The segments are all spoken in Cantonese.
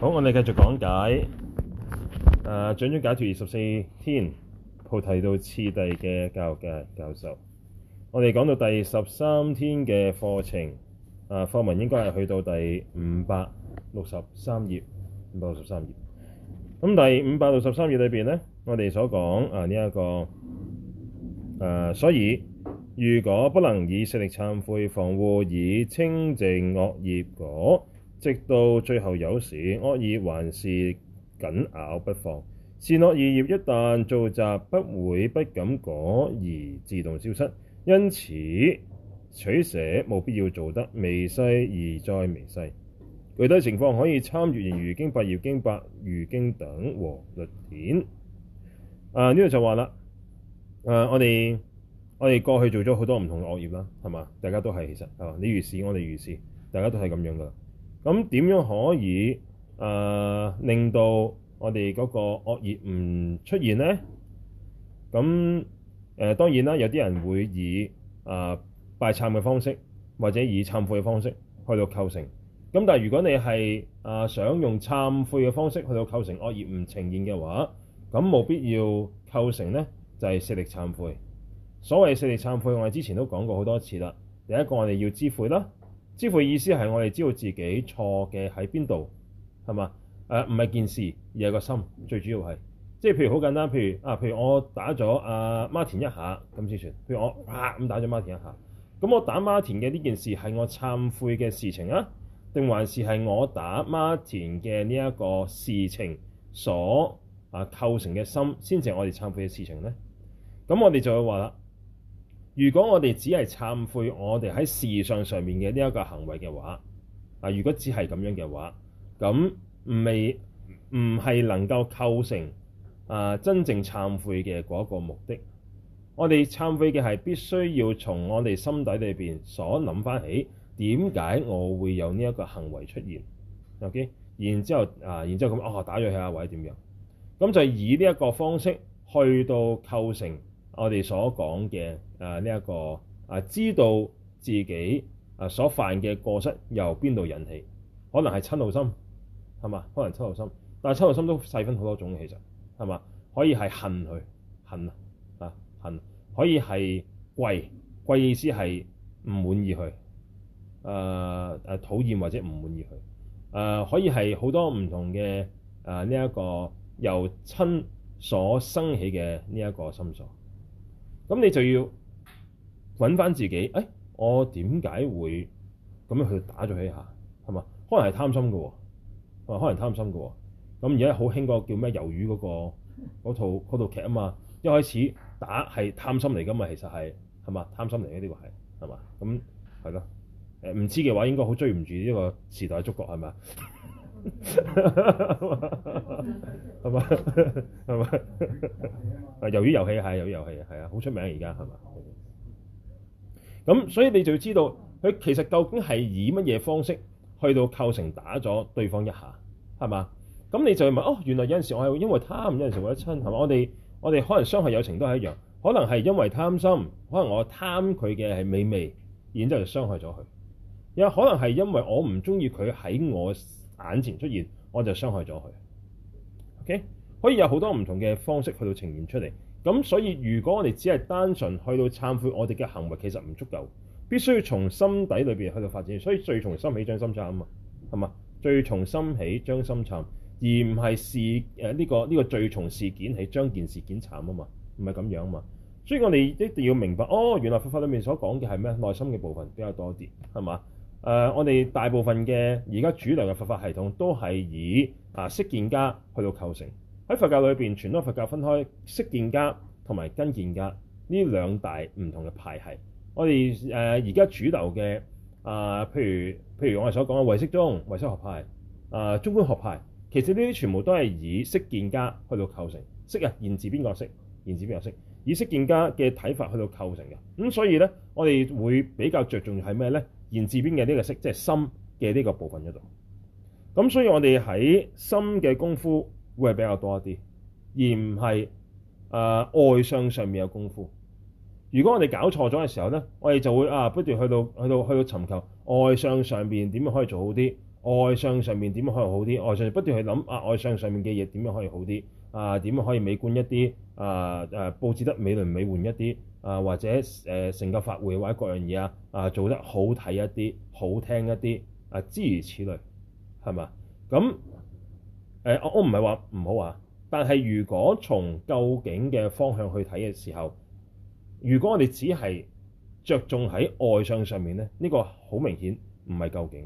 好，我哋繼續講解。誒、呃，掌中解脫二十四天，菩提道次第嘅教嘅教授。我哋講到第十三天嘅課程，誒、呃，課文應該係去到第五百六十三頁，五百六十三頁。咁、嗯、第五百六十三頁裏邊咧，我哋所講啊呢一個誒、呃，所以如果不能以四力懺悔，防護以清淨惡業果。直到最後，有時惡業還是緊咬不放。善惡二業一旦造業，不會不感果而自動消失。因此取捨冇必要做得微細而再微細。具體情況可以參閱《賢愚經》、《百業經》、《百喻經》等和律典。啊，呢度就話啦，啊，我哋我哋過去做咗好多唔同嘅惡業啦，係嘛？大家都係其實係嘛？你如是，我哋如是，大家都係咁樣噶。咁點樣可以誒、呃、令到我哋嗰個惡業唔出現呢？咁誒、呃、當然啦，有啲人會以誒、呃、拜懺嘅方式，或者以懺悔嘅方式去到構成。咁但係如果你係誒想用懺悔嘅方式去到構成惡業唔呈現嘅話，咁冇必要構成呢就係、是、四力懺悔。所謂四力懺悔，我哋之前都講過好多次啦。第一個我哋要知悔啦。懺悔意思係我哋知道自己錯嘅喺邊度，係嘛？誒，唔係件事，而係個心最主要係，即係譬如好簡單，譬如啊，譬如我打咗阿 Martin 一下咁先算，譬如我啊，咁打咗 Martin 一下，咁我打 Martin 嘅呢件事係我懺悔嘅事情啊，定還是係我打 Martin 嘅呢一個事情所啊構成嘅心先至係我哋懺悔嘅事情咧？咁我哋就會話啦。如果我哋只係懺悔我哋喺事上上面嘅呢一個行為嘅話，啊，如果只係咁樣嘅話，咁未唔係能夠構成啊真正懺悔嘅嗰個目的。我哋懺悔嘅係必須要從我哋心底裏邊所諗翻起，點解我會有呢一個行為出現？OK，然之後啊，然之後咁，哦，打咗去啊，或者點樣？咁就以呢一個方式去到構成。我哋所講嘅誒呢一個啊，知道自己啊所犯嘅過失由邊度引起，可能係瞋怒心係嘛？可能瞋怒心，但係瞋怒心都細分好多種，其實係嘛？可以係恨佢恨啊，恨可以係貴貴意思係唔滿意佢誒誒，討厭或者唔滿意佢誒，可以係好多唔同嘅啊呢一個由親所生起嘅呢一個心所。咁你就要揾翻自己，誒、欸，我點解會咁樣去打咗佢一下，係嘛？可能係貪心嘅，啊，可能貪心嘅、哦。咁而家好興嗰個叫咩？魷魚嗰、那個嗰套套劇啊嘛，一開始打係貪心嚟㗎嘛，其實係係嘛，貪心嚟嘅呢個係係嘛，咁係咯，誒唔知嘅話應該好追唔住呢個時代嘅觸覺係咪？係嘛係嘛啊！魷魚遊戲係魷魚遊戲係啊，好出名而家係嘛。咁所以你就要知道佢其實究竟係以乜嘢方式去到構成打咗對方一下，係嘛？咁你就問哦，原來有陣時我係因為貪，有陣時為咗親係嘛？我哋我哋可能傷害友情都係一樣，可能係因為貪心，可能我貪佢嘅係美味，然之後就傷害咗佢。又可能係因為我唔中意佢喺我眼前出現，我就傷害咗佢。OK，可以有好多唔同嘅方式去到呈現出嚟。咁所以如果我哋只係單純去到懺悔我哋嘅行為，其實唔足夠，必須要從心底裏邊去到發展。所以，罪從心起將心懺啊嘛，係嘛？罪從心起將心懺，而唔係事誒呢、呃呢個呢、呢個罪從事件起將件事件懺啊嘛，唔係咁樣啊嘛。所以我哋一定要明白，哦，原來佛法裏面所講嘅係咩？內心嘅部分比較多啲，係嘛？誒、呃，我哋大部分嘅而家主流嘅佛法系統都係以啊識見家去到構成喺佛教裏邊，全個佛教分開識見家、根見家同埋根見家呢兩大唔同嘅派系。我哋誒而家主流嘅啊、呃，譬如譬如我哋所講嘅唯識宗、唯識學派啊、呃、中觀學派，其實呢啲全部都係以識見家去到構成識啊，言字邊個識？言字邊個識？以識見家嘅睇法去到構成嘅咁、嗯，所以咧，我哋會比較着重係咩咧？言字邊嘅呢個色，即係心嘅呢個部分嗰度。咁所以我哋喺心嘅功夫會係比較多一啲，而唔係誒外相上面嘅功夫。如果我哋搞錯咗嘅時候呢，我哋就會啊不斷去到去到去到尋求外相上面點樣可以做好啲，外相上面點樣可以好啲，外相不斷去諗啊外相上面嘅嘢點樣可以好啲啊，點樣可以美觀一啲啊誒、啊、布置得美輪美奐一啲。啊，或者誒成、呃、個法會或者各樣嘢啊，啊、呃、做得好睇一啲，好聽一啲啊，諸如此類係嘛？咁誒、呃，我我唔係話唔好啊，但係如果從究竟嘅方向去睇嘅時候，如果我哋只係着重喺外相上面咧，呢、這個好明顯唔係究竟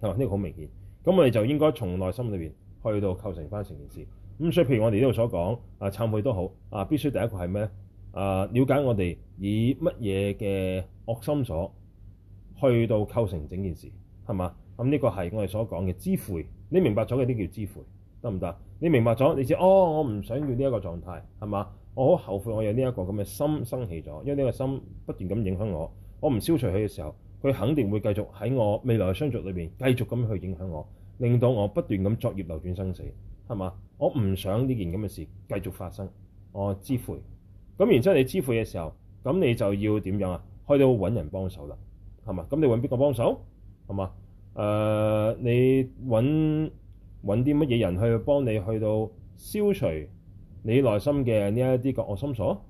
係嘛？呢、這個好明顯，咁我哋就應該從內心裏邊去到構成返成件事咁。所以譬如我哋呢度所講啊，參會都好啊，必須第一個係咩咧？啊！瞭解我哋以乜嘢嘅惡心所去到構成整件事係嘛？咁呢個係我哋所講嘅知悔。你明白咗嘅啲叫知悔得唔得？你明白咗，你知哦。我唔想要呢一個狀態係嘛？我好後悔，我有呢、這、一個咁嘅心生起咗，因為呢個心不斷咁影響我。我唔消除佢嘅時候，佢肯定會繼續喺我未來嘅相續裏邊繼續咁去影響我，令到我不斷咁作業流轉生死係嘛？我唔想呢件咁嘅事繼續發生，我、哦、知悔。咁然之後，你支付嘅時候，咁你就要點樣啊？去到揾人幫手啦，係嘛？咁你揾邊個幫手，係嘛？誒、呃，你揾揾啲乜嘢人去幫你去到消除你內心嘅呢一啲個惡心所？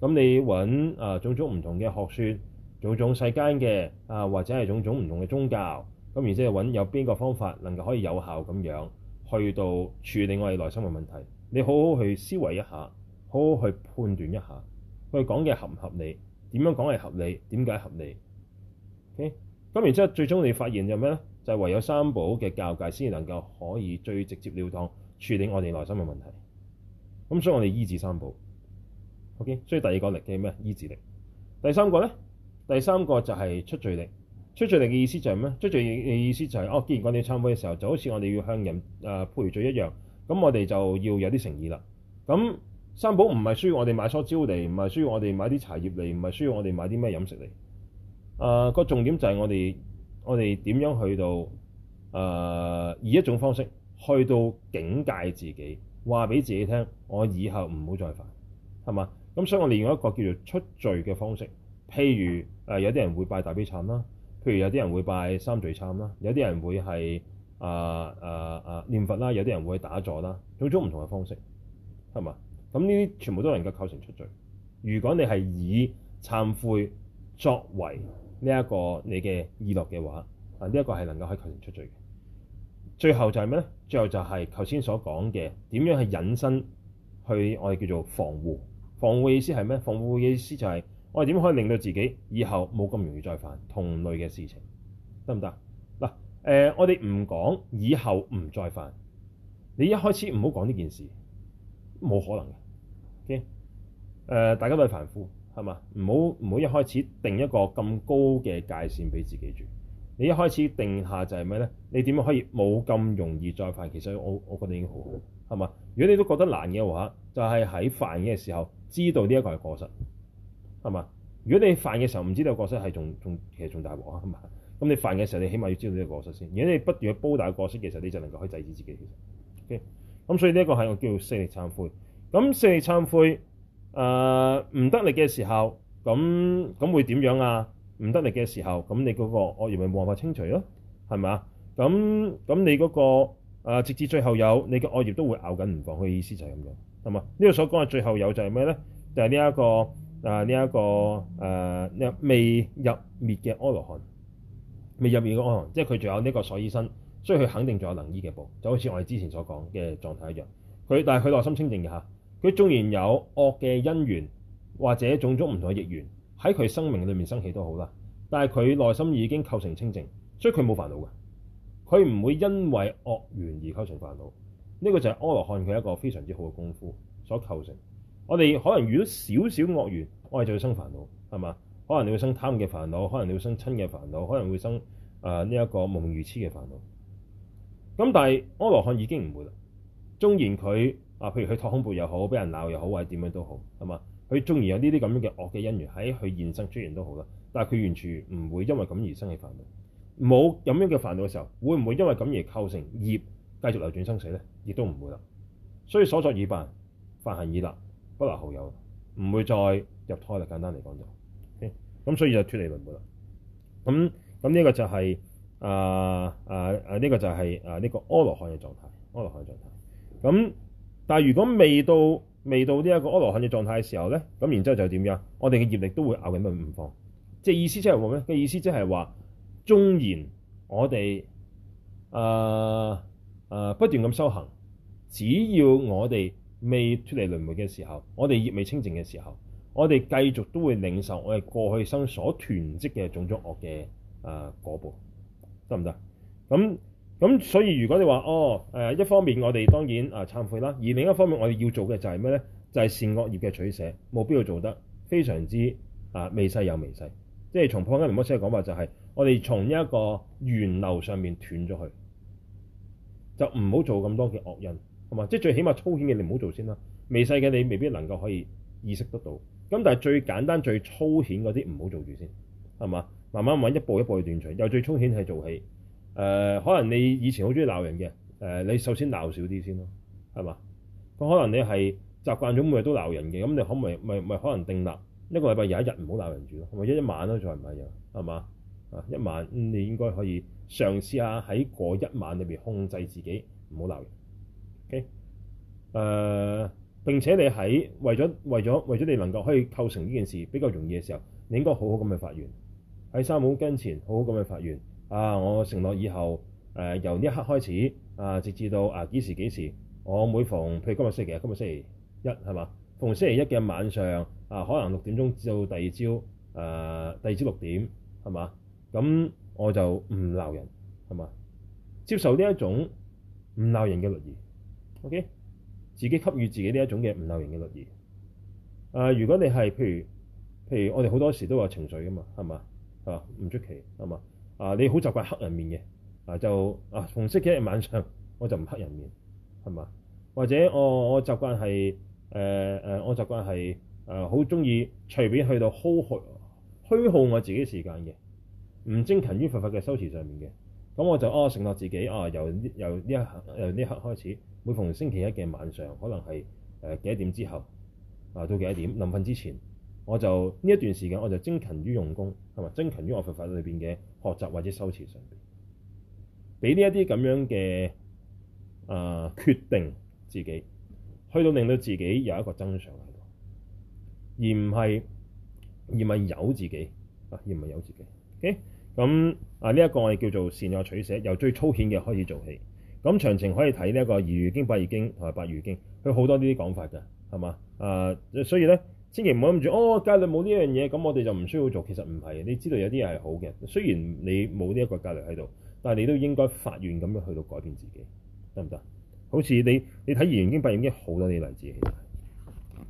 咁你揾啊、呃，種種唔同嘅學説，種種世間嘅啊，或者係種種唔同嘅宗教，咁然之後揾有邊個方法能夠可以有效咁樣去到處理我哋內心嘅問題？你好好去思維一下。好好去判斷一下佢講嘅合唔合理，點樣講係合理？點解合理？OK 咁然之後，最終你發現就咩咧？就係、是、唯有三寶嘅教界先能夠可以最直接了當處理我哋內心嘅問題。咁所以，我哋依止三寶。OK，所以第二個力嘅咩？依止力。第三個咧，第三個就係出罪力。出罪力嘅意思就係咩？出罪嘅意思就係、是、哦，既然講到懺悔嘅時候，就好似我哋要向人誒賠、呃、罪一樣。咁我哋就要有啲誠意啦。咁。三寶唔係需要我哋買梳蕉嚟，唔係需要我哋買啲茶葉嚟，唔係需要我哋買啲咩飲食嚟。啊、呃，個重點就係我哋我哋點樣去到啊、呃，以一種方式去到警戒自己，話俾自己聽，我以後唔好再犯，係嘛？咁所以我哋用一個叫做出罪嘅方式，譬如誒、呃、有啲人會拜大悲懺啦，譬如有啲人會拜三聚懺啦，有啲人會係啊啊啊念佛啦，有啲人會打坐啦，種種唔同嘅方式，係嘛？咁呢啲全部都能夠構成出罪。如果你係以懺悔作為呢一個你嘅意樂嘅話，啊，呢一個係能夠可以構成出罪嘅。最後就係咩咧？最後就係頭先所講嘅點樣去引申去我哋叫做防護。防護意思係咩？防護嘅意思就係我哋點可以令到自己以後冇咁容易再犯同類嘅事情，得唔得？嗱，誒、呃、我哋唔講以後唔再犯，你一開始唔好講呢件事，冇可能。嘅、okay? 呃，大家都係凡夫，係嘛？唔好唔好一開始定一個咁高嘅界線俾自己住。你一開始定下就係咩咧？你點樣可以冇咁容易再犯？其實我我覺得已經好好，係嘛？如果你都覺得難嘅話，就係、是、喺犯嘅時候知道呢一個係過失，係嘛？如果你犯嘅時候唔知道過失係仲仲其實仲大鑊啊，係嘛？咁你犯嘅時候你起碼要知道呢個過失先。如果你不斷去煲大過失，其實你就能夠可以制止自己。其實咁所以呢一個係我叫四力懺悔。咁四力懺悔，誒、呃、唔得力嘅時候，咁咁會點樣啊？唔得力嘅時候，咁你嗰個惡業咪冇辦法清除咯，係咪啊？咁咁你嗰、嗰個、呃、直至最後有你嘅惡業都會咬緊唔放，佢意思就係咁樣，係嘛？呢個所講嘅最後有就係咩咧？就係呢一個誒呢一個誒入未入滅嘅阿羅漢，未入滅嘅阿羅漢，即係佢仲有呢個所依身，所以佢肯定仲有能依嘅報，就好似我哋之前所講嘅狀態一樣。佢但係佢內心清靜嘅嚇。佢縱然有惡嘅因緣或者種種唔同嘅逆緣喺佢生命裏面生起都好啦，但係佢內心已經構成清淨，所以佢冇煩惱嘅。佢唔會因為惡緣而構成煩惱，呢個就係阿羅漢佢一個非常之好嘅功夫所構成。我哋可能遇到少少惡緣，我哋就會生煩惱，係嘛？可能你會生貪嘅煩惱，可能你會生瞋嘅煩惱，可能會生啊呢一個夢如痴嘅煩惱。咁但係阿羅漢已經唔會啦。縱然佢。啊！譬如佢託空背又好，俾人鬧又好，或者點樣都好，係嘛？佢縱然有呢啲咁樣嘅惡嘅因緣喺佢現生出現都好啦，但係佢完全唔會因為咁而生起煩惱，冇咁樣嘅煩惱嘅時候，會唔會因為咁而構成業繼續流轉生死咧？亦都唔會啦。所以所作已辦，梵行已立，不受後有，唔會再入胎啦。簡單嚟講就，咁、okay? 所以就脫離輪迴啦。咁咁呢個就係啊啊啊呢個就係啊呢個阿羅漢嘅狀態，阿羅漢狀態咁。但係如果未到未到呢一個阿羅漢嘅狀態嘅時候咧，咁然之後就點樣？我哋嘅業力都會咬緊佢唔放。即係意思即係話咩？嘅意思即係話，縱然我哋誒誒不斷咁修行，只要我哋未脫離輪迴嘅時候，我哋業未清淨嘅時候，我哋繼續都會領受我哋過去生所囤積嘅種種惡嘅誒果報，得唔得？咁咁所以如果你話哦誒、呃，一方面我哋當然啊，懺悔啦；而另一方面，我哋要做嘅就係咩呢？就係、是、善惡業嘅取捨，務必要做得非常之啊微細又微細。即係從破開尼博士嘅講法，就係、是、我哋從一個源流上面斷咗去，就唔好做咁多嘅惡因，係嘛？即係最起碼粗顯嘅你唔好做先啦。微細嘅你未必能夠可以意識得到。咁但係最簡單最粗顯嗰啲唔好做住先，係嘛？慢慢揾一步一步去斷除。又最粗顯係做起。誒、呃、可能你以前好中意鬧人嘅，誒、呃、你首先鬧少啲先咯，係嘛？咁可能你係習慣咗每日都鬧人嘅，咁你可唔咪咪咪可能定立一個禮拜有一日唔好鬧人住咯，咪一晚咯，就係唔係啊？係嘛？啊一晚，你應該可以嘗試下喺嗰一晚裏邊控制自己唔好鬧人。OK，誒並且你喺為咗為咗為咗你能夠可以構成呢件事比較容易嘅時候，你應該好好咁去發願，喺三寶跟前好好咁去發願。啊！我承諾以後誒、呃，由呢一刻開始啊、呃，直至到啊幾時幾時，我每逢譬如今日星期日，今日星期一係嘛？逢星期一嘅晚上啊、呃，可能六點鐘至到第二朝誒、呃，第二朝六點係嘛？咁我就唔鬧人係嘛？接受呢一種唔鬧人嘅律儀，OK，自己給予自己呢一種嘅唔鬧人嘅律儀。啊、呃，如果你係譬如譬如我哋好多時都有情緒噶嘛，係嘛？嚇唔出奇係嘛？啊！你好習慣黑人面嘅啊，就啊，逢星期一晚上我就唔黑人面，係嘛？或者我我習慣係誒誒，我習慣係誒好中意隨便去到消耗虛耗我自己時間嘅，唔精勤於佛法嘅修持上面嘅。咁我就啊，承諾自己啊，由由呢一刻由呢一刻開始，每逢星期一嘅晚上，可能係誒、呃、幾多點之後啊，到幾多點臨瞓之前，我就呢一段時間我就精勤於用功係嘛？精勤於我佛法裏邊嘅。學習或者修持上邊，俾呢一啲咁樣嘅啊、呃、決定自己，去到令到自己有一個真相喺度，而唔係而唔係有自己啊，而唔係有自己。ok，咁、嗯、啊呢一、這個我哋叫做善惡取捨，由最粗顯嘅開始做起。咁、嗯、詳情可以睇呢一個《賢愚經》《百業經》同埋《百喻經》，佢好多呢啲講法嘅，係嘛啊？所以咧。千祈唔好諗住哦，戒律冇呢樣嘢，咁我哋就唔需要做。其實唔係，你知道有啲嘢係好嘅。雖然你冇呢一個戒律喺度，但係你都應該發願咁樣去到改變自己，得唔得？好似你你睇《賢愚經》《百業經》好多呢啲例子。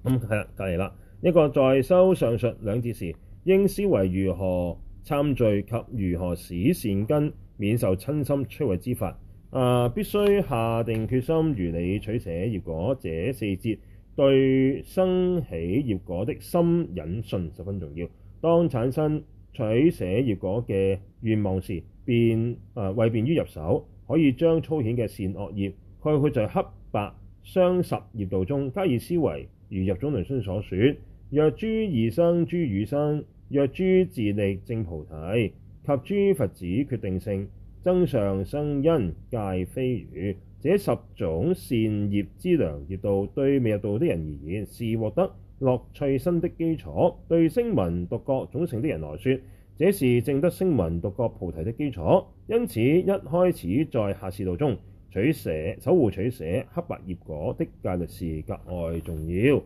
咁係啦，隔離啦。一個在修上述兩節時，應思惟如何懺罪及如何使善根免受瞋心摧毀之法。啊，必須下定決心，如理取捨，業果這四節。對生起業果的深忍信十分重要。當產生取捨業果嘅願望時便，便誒為便於入手，可以將粗顯嘅善惡業概括在黑白雙十業道中加以思維。如入中論中所說：若諸異生，諸語生，若諸自力證菩提，及諸佛子決定勝，增上生因戒非餘。這十種善資糧業道，對未入道的人而言是獲得樂趣身的基礎；對聲聞獨覺種姓的人來說，這是證得聲聞獨覺菩提的基礎。因此，一開始在下士道中取捨、守護取捨、黑白業果的戒律是格外重要。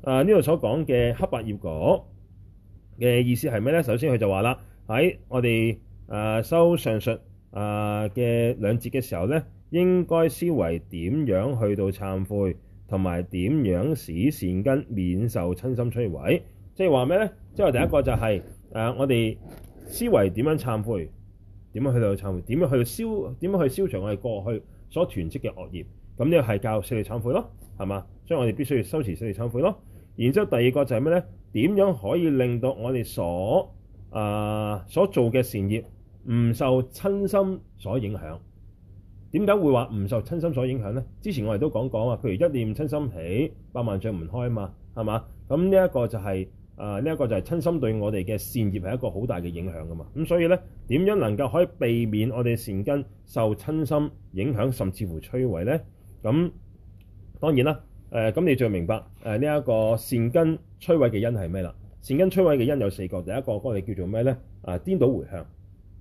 啊、呃，呢度所講嘅黑白業果嘅意思係咩呢？首先佢就話啦，喺我哋啊、呃、修上述啊嘅兩節嘅時候呢。」應該思維點樣去到懺悔，同埋點樣使善根免受瞋心摧毀。即係話咩咧？即係第一個就係、是、誒、呃，我哋思維點樣懺悔，點樣去到去懺悔，點樣去消點樣去消除我哋過去所囤積嘅惡業。咁呢個係教育四力懺悔咯，係嘛？所以我哋必須要修持四力懺悔咯。然之後第二個就係咩咧？點樣可以令到我哋所誒、呃、所做嘅善業唔受瞋心所影響？點解會話唔受瞋心所影響呢？之前我哋都講講啊，譬如一念瞋心起，百萬障門開嘛，係嘛？咁呢一個就係啊，呢一個就係瞋心對我哋嘅善業係一個好大嘅影響噶嘛。咁所以呢，點樣能夠可以避免我哋善根受瞋心影響，甚至乎摧毀呢？咁當然啦，誒咁你就要明白誒呢一個善根摧毀嘅因係咩啦？善根摧毀嘅因有四個，第一個我哋叫做咩呢？啊，顛倒回向，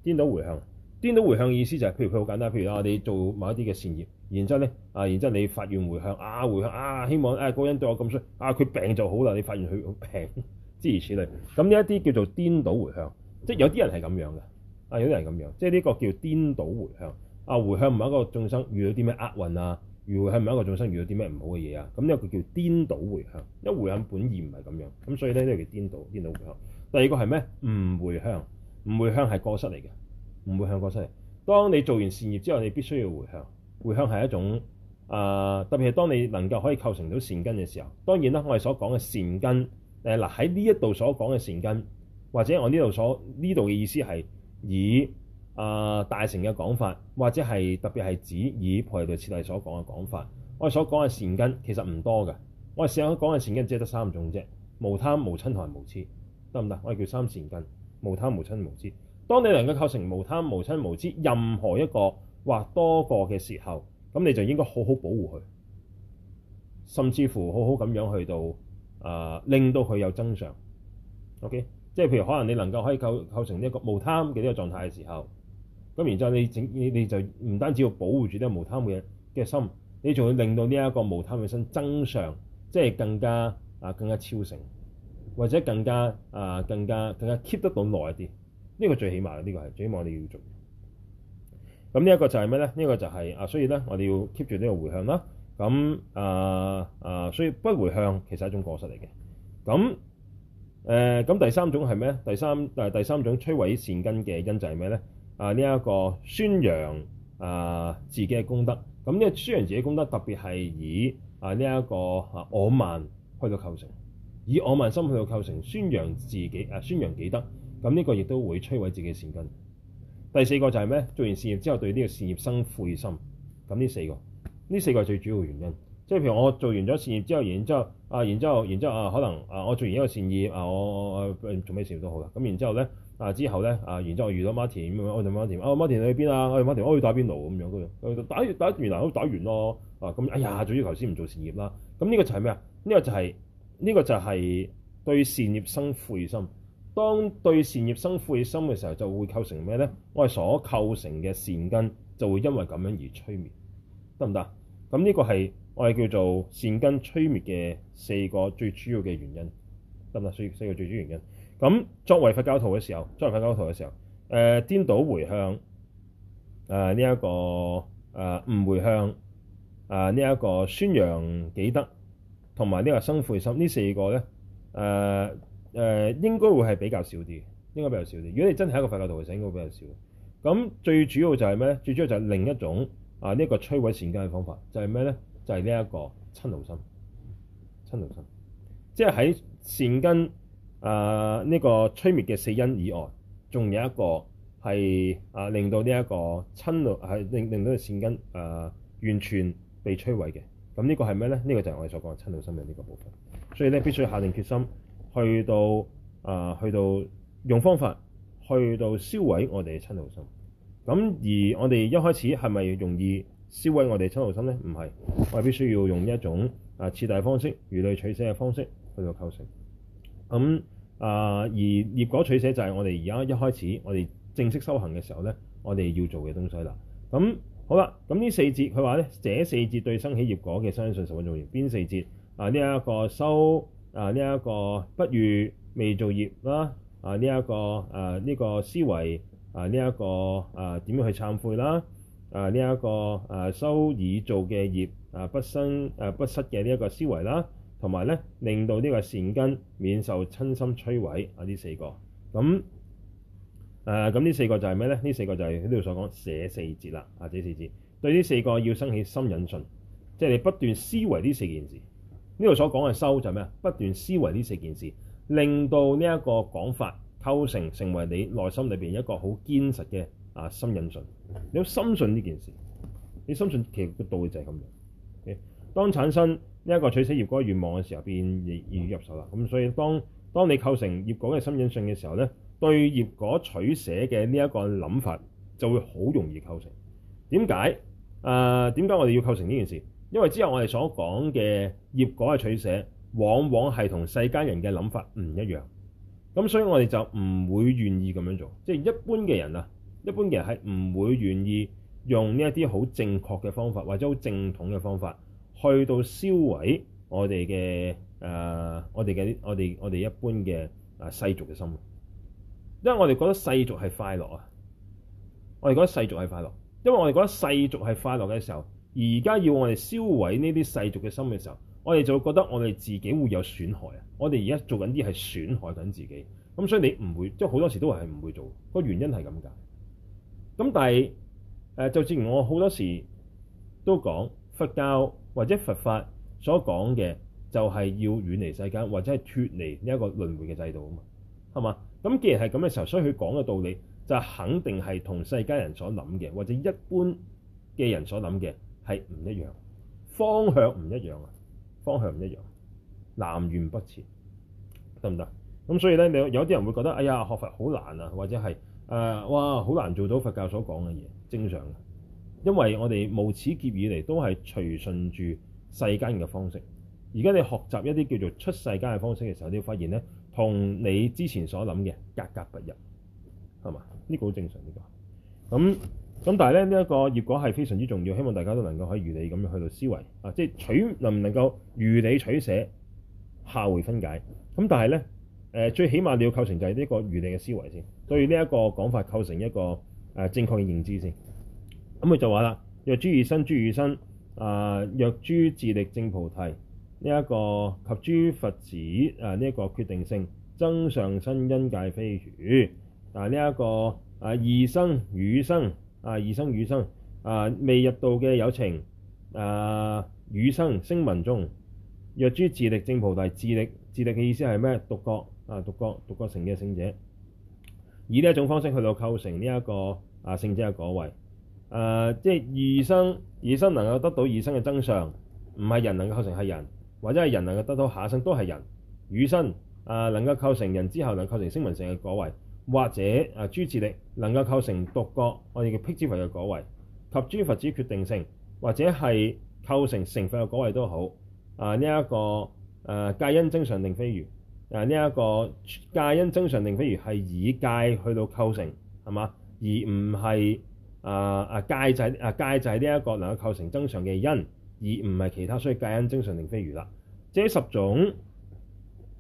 顛倒回向。顛倒回向嘅意思就係、是，譬如佢好簡單，譬如啊，你做某一啲嘅善業，然之後咧啊，然之後你發願回向啊，回向啊，希望誒嗰個人對我咁衰啊，佢病就好啦，你發願佢好病，諸如此類。咁呢一啲叫做顛倒回向，即係有啲人係咁樣嘅啊，有啲人係咁樣，即係呢個叫做顛倒回向啊。回向唔係一個眾生遇到啲咩厄運啊，如回向唔係一個眾生遇到啲咩唔好嘅嘢啊。咁、這、呢個叫顛倒回向，因為回向本意唔係咁樣，咁所以咧呢啲、這個、叫顛倒，顛倒回向。第二個係咩？誤回向，唔回向係過失嚟嘅。唔會向過出嚟。當你做完善業之後，你必須要回向。回向係一種啊、呃，特別係當你能夠可以構成到善根嘅時候。當然啦，我哋所講嘅善根，誒嗱喺呢一度所講嘅善根，或者我呢度所呢度嘅意思係以啊、呃、大成嘅講法，或者係特別係指以菩提道次第所講嘅講法，我哋所講嘅善根其實唔多嘅。我哋成日講嘅善根只係得三種啫：無貪、無瞋、同埋無痴，得唔得？我哋叫三善根：無貪、無瞋、無痴。行當你能夠構成無貪、無瞋、無癡任何一個或多個嘅時候，咁你就應該好好保護佢，甚至乎好好咁樣去到啊、呃，令到佢有增上。OK，即係譬如可能你能夠可以構構成一個無貪嘅呢個狀態嘅時候，咁然之後你整你你就唔單止要保護住呢個無貪嘅嘅心，你仲要令到呢一個無貪嘅心增上，即係更加啊、呃、更加超勝，或者更加啊、呃、更加更加 keep 得到耐一啲。呢個最起碼呢、這個係最起碼我哋要做。咁呢一個就係咩咧？呢、這個就係、是、啊，所以咧，我哋要 keep 住呢個回向啦。咁啊啊，所以不回向其實係一種過失嚟嘅。咁、嗯、誒，咁、呃嗯、第三種係咩咧？第三誒、呃、第三種摧毀善根嘅因就係咩咧？啊，呢、這、一個宣揚啊、呃、自己嘅功德。咁、嗯、呢、這個宣揚自己功德特別，特別係以啊呢一、這個啊我慢去到構成，以我慢心去到構成宣揚自己誒、啊、宣揚己德。咁呢個亦都會摧毀自己嘅善根。第四個就係咩？做完善業之後對呢個善業生悔心。咁呢四個，呢四個最主要嘅原因，即係譬如我做完咗善業之後，然之後啊，然之後，然之後啊，可能啊，我做完一個善業啊，我我做咩善業都好啦。咁然之後咧啊，之後咧啊，然之後我遇到 Martin, 我 Martin,、啊啊、Martin 咁樣，我哋 Martin，啊 Martin 去邊啊？我哋 Martin，我去打邊爐咁樣，佢打，打完、啊、打完啦，好打完咯。啊咁、啊，哎呀，最衰頭先唔做善業啦。咁、啊、呢、嗯這個就係咩啊？呢、這個就係、是、呢、這個就係對善業生悔心。當對善業生悔心嘅時候，就會構成咩咧？我哋所構成嘅善根就會因為咁樣而摧滅，得唔得？咁呢個係我哋叫做善根摧滅嘅四個最主要嘅原因，得唔得？所以四個最主要原因。咁作為佛教徒嘅時候，作為佛教徒嘅時候，誒顛倒回向，誒呢一個誒唔回向，誒呢一個宣揚己德，同埋呢個生悔心呢四個咧，誒、呃。誒、呃、應該會係比較少啲，應該比較少啲。如果你真係一個佛教徒嚟，整應該會比較少。咁最主要就係咩咧？最主要就係另一種啊，呢、呃、一、這個摧毀善根嘅方法就係咩咧？就係、是、呢一、就是、個瞋怒心、瞋怒心，即係喺善根啊呢、呃這個摧滅嘅死因以外，仲有一個係、呃、啊，令到呢一個瞋怒係令令到個善根啊、呃、完全被摧毀嘅。咁呢個係咩咧？呢、這個就係我哋所講嘅瞋怒心嘅呢個部分。所以咧，必須下定決心。去到啊、呃，去到用方法去到銷毀我哋嘅瞋怒心。咁而我哋一開始係咪容易銷毀我哋瞋怒心咧？唔係，我哋必須要用一種啊徹底方式、如理取捨嘅方式去到構成。咁、嗯、啊、呃，而業果取捨就係我哋而家一開始我哋正式修行嘅時候咧，我哋要做嘅東西啦。咁、嗯、好啦，咁呢四節佢話咧，這四節對生起業果嘅相信十分重要。邊四節啊？呢、這、一個收。啊！呢、這、一個不如未做業啦，啊！呢一個誒呢個思維啊，呢、這、一個啊點樣去懺悔啦，啊！呢、這、一個啊修已做嘅業啊，不生誒、啊、不失嘅呢一個思維啦，同埋咧令到呢個善根免受瞋心摧毀啊！呢四個咁誒咁呢四個就係咩咧？呢四個就係呢度所講寫四節啦，啊呢四節對呢四個要生起深忍信，即係你不斷思維呢四件事，呢度所講嘅修就係咩啊？不斷思維呢四件事，令到呢一個講法構成成為你內心裏邊一個好堅實嘅啊深忍信。你深信呢件事，你深信其實嘅道理就係咁樣。Okay? 當產生呢一個取捨業果嘅願望嘅時候，便易於入手啦。咁所以當當你構成業果嘅深忍信嘅時候咧，對業果取捨嘅呢一個諗法就會好容易構成。點解？誒點解我哋要構成呢件事？因為之後我哋所講嘅業果嘅取捨，往往係同世間人嘅諗法唔一樣。咁所以我哋就唔會願意咁樣做。即係一般嘅人啊，一般嘅人係唔會願意用呢一啲好正確嘅方法或者好正統嘅方法去到銷毀我哋嘅誒，我哋嘅我哋我哋一般嘅啊世俗嘅生活。因為我哋覺得世俗係快樂啊，我哋覺得世俗係快樂，因為我哋覺得世俗係快樂嘅時候。而家要我哋銷毀呢啲世俗嘅心嘅時候，我哋就會覺得我哋自己會有損害啊。我哋而家做緊啲係損害緊自己，咁所以你唔會，即係好多時都係唔會做，個原因係咁解。咁但係誒、呃，就正如我好多時都講，佛教或者佛法所講嘅就係要遠離世間或者係脫離呢一個輪迴嘅制度啊嘛，係嘛？咁既然係咁嘅時候，所以佢講嘅道理就肯定係同世間人所諗嘅，或者一般嘅人所諗嘅。係唔一樣，方向唔一樣啊！方向唔一樣，南轅北轍，得唔得？咁所以咧，你有啲人會覺得，哎呀，學佛好難啊，或者係誒、呃，哇，好難做到佛教所講嘅嘢，正常嘅。因為我哋無始劫以嚟都係隨順住世間嘅方式，而家你學習一啲叫做出世間嘅方式嘅時候，你會發現咧，同你之前所諗嘅格格不入，係嘛？呢、這個好正常，呢、這個咁。咁但係咧，呢一個結果係非常之重要，希望大家都能夠可以如理咁去到思維啊，即係取能唔能夠如理取捨，下回分解。咁但係咧，誒最起碼你要構成就係呢個如理嘅思維先，對呢一個講法構成一個誒正確嘅認知先。咁佢就話啦，若諸異生，諸語生；啊，若諸自力證菩提呢一、這個及諸佛子啊，呢、這、一個決定勝增上生因戒非餘。」但啊，呢、這、一個啊異生語生。啊！異生語生啊，未入道嘅有情啊，語生聲聞中，若諸自力證菩提，自力自力嘅意思係咩？獨覺，啊，獨覺，獨覺成嘅聖者，以呢一種方式去到構成呢、這、一個啊聖者嘅果位。啊，即係異生異生能夠得到異生嘅真相，唔係人能夠構成係人，或者係人能夠得到下一生都係人。異生啊，能夠構成人之後，能構成聲聞成嘅果位。或者啊，諸自力能夠構成獨覺，我哋嘅辟支佛嘅果位，及諸佛子決定勝，或者係構成成佛嘅果位都好。啊，呢一個啊戒因增上定非餘，啊呢一、這個戒因增上定非餘係以戒去到構成係嘛，而唔係啊戒啊戒制啊戒制呢一個能夠構成增上嘅因，而唔係其他，所以戒因增上定非餘啦。這十種。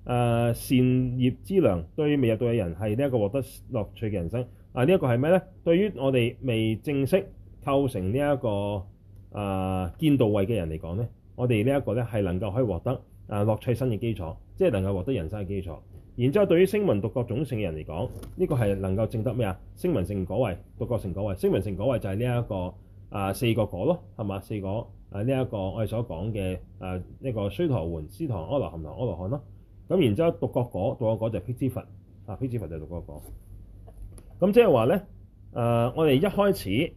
誒、呃、善業之糧對未入道嘅人係呢一個獲得樂趣嘅人生。啊，這個、呢一個係咩咧？對於我哋未正式構成、這個呃、呢一個誒見道位嘅人嚟講咧，我哋呢一個咧係能夠可以獲得誒樂、呃、趣身嘅基礎，即係能夠獲得人生嘅基礎。然之後對於聲，對於聲聞獨覺種姓嘅人嚟講，呢個係能夠證得咩啊？聲聞性果位、獨覺成果位、聲聞性果位就係呢一個誒、呃、四個果咯，係嘛四個誒呢一個我哋所講嘅誒呢個須陀洹、斯陀含、阿羅含同阿羅漢咯。咁然之後獨覺果，獨覺果就係辟支佛，啊，辟支佛就係獨覺果。咁即係話咧，誒、呃，我哋一開始，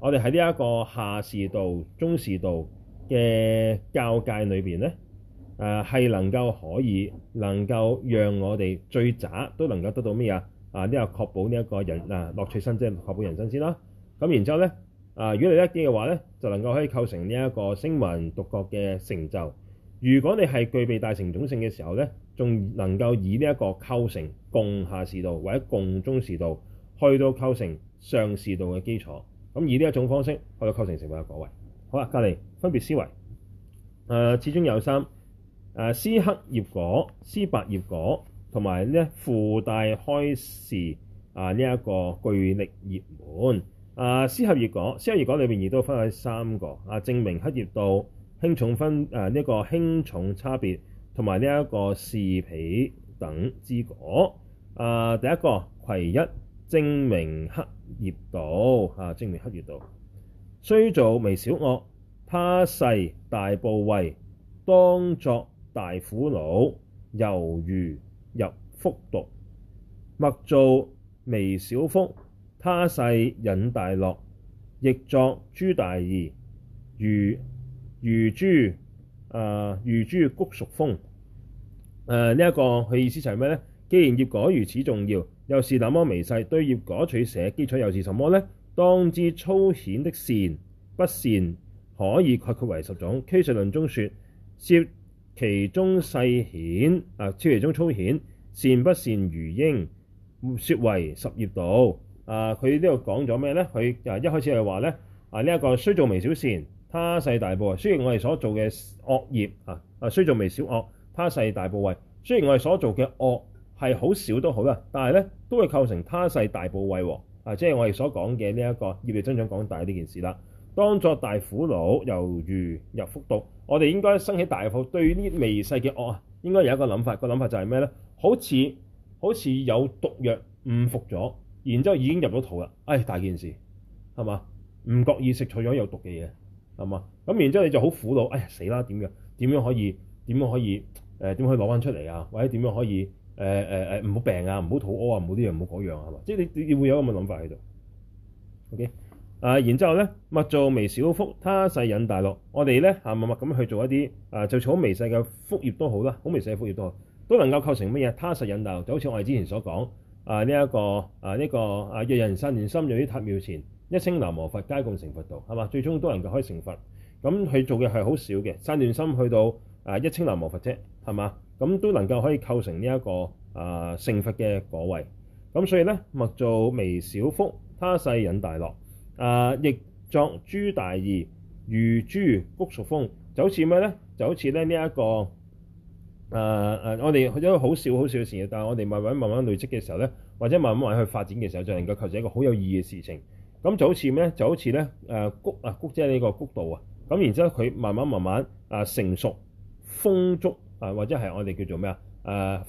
我哋喺呢一個下士道、中士道嘅教界裏邊咧，誒、呃，係能夠可以能夠讓我哋最渣都能夠得到咩啊？啊，呢、這個確保呢一個人啊樂趣生，即係確保人生先啦。咁然之後咧，啊、呃，如果你一啲嘅話咧，就能夠可以構成呢一個聲聞獨覺嘅成就。如果你係具備大成種性嘅時候呢，仲能夠以呢一個構成共下士道或者共中士道去到構成上士道嘅基礎，咁以呢一種方式去到構成成佛嘅果位。好啦，隔離分別思維，誒、呃、始終有三，誒、呃、思黑業果、思白業果同埋呢附帶開示啊呢一個具力業門，誒、呃、思黑業果、思黑業果裏面亦都分開三個啊、呃，正明黑業道。輕重分誒呢，啊這個輕重差別，同埋呢一個示彼等之果誒，啊。第一個癸一正明黑業道嚇。正、啊、明黑業道，雖做微小惡，他世大怖畏，當作大苦惱。猶如入腹毒，莫做微小福，他世引大樂，亦作諸大義如。如珠，啊如珠谷熟風，誒呢一個佢意思就係咩咧？既然業果如此重要，又是那麼微細，對業果取捨基礎又是什麼咧？當知粗顯的善不善，可以概括為十種。《俱舍論》中說：攝其中細顯啊，攝其中粗顯，善不善如應，說為十業道。啊，佢呢度講咗咩咧？佢啊一開始係話咧，啊呢一、這個雖造微小善。他世大怖畏，雖然我哋所做嘅惡業啊，啊雖做微小惡，他世大怖畏，雖然我哋所做嘅惡係好少都好啦，但係咧都會構成他世大怖畏啊！即係我哋所講嘅呢一個業力增長廣大呢件事啦。當作大苦惱，猶如入腹毒。我哋應該生起大怖畏，對呢微細嘅惡啊，應該有一個諗法。個諗法就係咩咧？好似好似有毒藥誤服咗，然之後已經入咗肚啦。唉，大件事係嘛？唔覺意食錯咗有毒嘅嘢。係嘛？咁然之後你就好苦惱，哎呀死啦點樣？點樣可以？點樣可以？誒點樣可以攞翻出嚟啊？或者點樣可以？誒誒誒唔好病啊！唔好肚屙啊！唔好啲嘢唔好嗰樣係嘛？即係你你會有咁嘅諗法喺度。OK，啊，然之後咧，勿做微小福，他世引大樂。我哋咧係默默咁去做一啲啊，做好微細嘅福業都好啦，好微細嘅福業都，好，都能夠構成乜嘢？他世引大樂，就好似我哋之前所講啊，呢一個啊呢個啊，若人生，年心，若於塔廟前。一清南無佛，皆共成佛道，係嘛？最終都能夠可以成佛。咁佢做嘅係好少嘅，散亂心去到誒一清南無佛啫，係嘛？咁都能夠可以構成呢、這、一個誒、呃、成佛嘅果位。咁所以咧，莫做微小福，他世引大樂。誒、啊，亦作諸大義，如諸谷熟豐，就好似咩咧？就好似咧呢一、這個誒誒、呃，我哋去咗好少好少嘅事嘅，但係我哋慢慢慢慢累積嘅時候咧，或者慢慢慢去發展嘅時候，就能夠構成一個好有意義嘅事情。咁就好似咩，就好似咧，誒谷啊，谷即係呢個谷度啊。咁然之後，佢慢慢慢慢啊成熟豐足啊，或者係我哋叫做咩啊？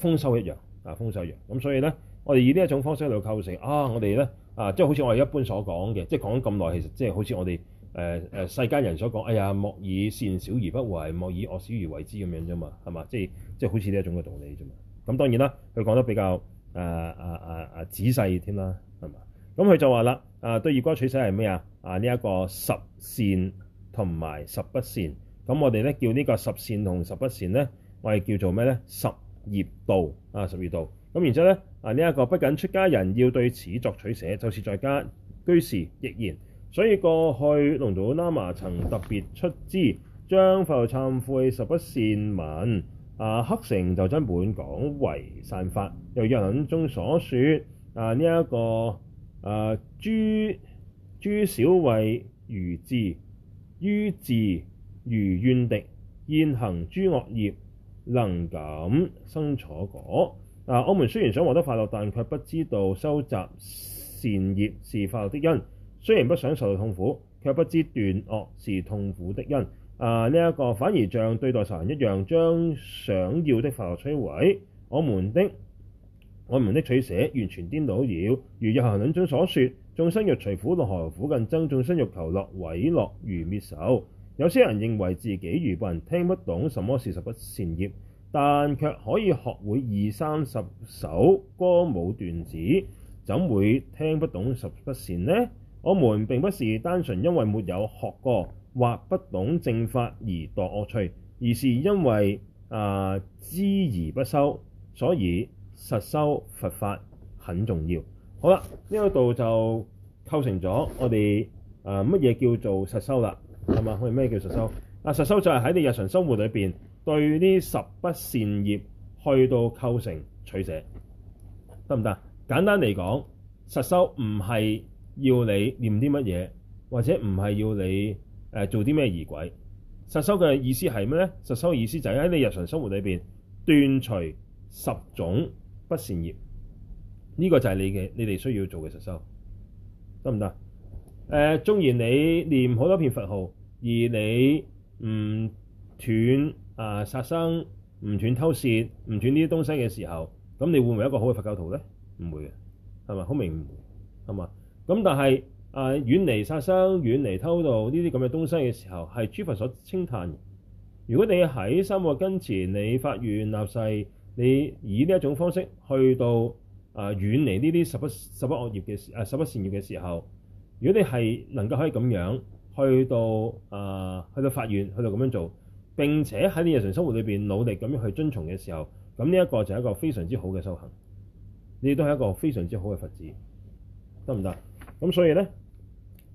誒豐收一樣啊，豐收樣。咁所以咧，我哋以呢一種方式去到構成啊，我哋咧啊，即係好似我哋一般所講嘅，即係講咁耐，其實即係好似我哋誒誒世間人所講，哎、啊、呀，莫以善小而不為，莫以惡小而為之咁樣啫嘛，係、啊、嘛？即係即係好似呢一種嘅道理啫嘛。咁當然啦，佢講得比較誒誒誒誒仔細添啦，係、啊、嘛？咁佢就話啦，啊對業果取捨係咩啊？啊呢一個十善同埋十不善。咁我哋咧叫呢個十善同十不善咧，我哋叫做咩咧？十業道啊，十業道。咁然之後咧，啊呢一個不僅出家人要對此作取捨，就是在家居士亦然。所以過去隆睹喇嘛曾特別出資將發露懺悔十不善文啊刻成，刻成袖珍本廣為散發，又如入行論中所說啊呢一個。誒、啊、諸諸小慧如智，於智如怨敵，現行諸惡業，能感生楚果。嗱、啊，我們雖然想獲得快樂，但卻不知道收集善業是快樂的因；雖然不想受到痛苦，卻不知斷惡是痛苦的因。啊，呢、這、一個反而像對待仇人一樣，將想要的快樂摧毀。我們的。我們的取捨完全顛倒了。如《入行論》中所說，眾生欲除苦，奈何苦更增，眾生欲求樂，毀樂如滅仇。有些人認為自己愚笨，人聽不懂什麼是十不善業，但卻可以學會二三十首歌舞段子，怎會聽不懂十不善呢？我們並不是單純因為沒有學過或不懂正法而墮惡趣，而是因為、呃、知而不修，所以。實修佛法很重要好。好啦，呢一度就構成咗我哋誒乜嘢叫做實修啦，係嘛？我哋咩叫實修？嗱，實修就係喺你日常生活裏邊對呢十不善業去到構成取捨，得唔得？簡單嚟講，實修唔係要你念啲乜嘢，或者唔係要你誒、呃、做啲咩儀軌。實修嘅意思係咩咧？實修意思就係喺你日常生活裏邊斷除十種。不善業，呢、這個就係你嘅，你哋需要做嘅實修，得唔得？誒、呃，縱然你念好多片佛號，而你唔斷啊殺生、唔斷偷竊、唔斷呢啲東西嘅時候，咁你會唔會一個好嘅佛教徒咧？唔會嘅，係咪好明？係嘛？咁但係啊，遠離殺生、遠離偷渡呢啲咁嘅東西嘅時候，係諸佛所稱嘆。如果你喺三惡跟前，你發願立誓。你以呢一種方式去到啊遠離呢啲十不十不惡業嘅時啊十不善業嘅時候，如果你係能夠可以咁樣去到啊、呃、去到法院去到咁樣做，並且喺你日常生活裏邊努力咁樣去遵從嘅時候，咁呢一個就係一個非常之好嘅修行，你都係一個非常之好嘅佛子，得唔得？咁所以呢，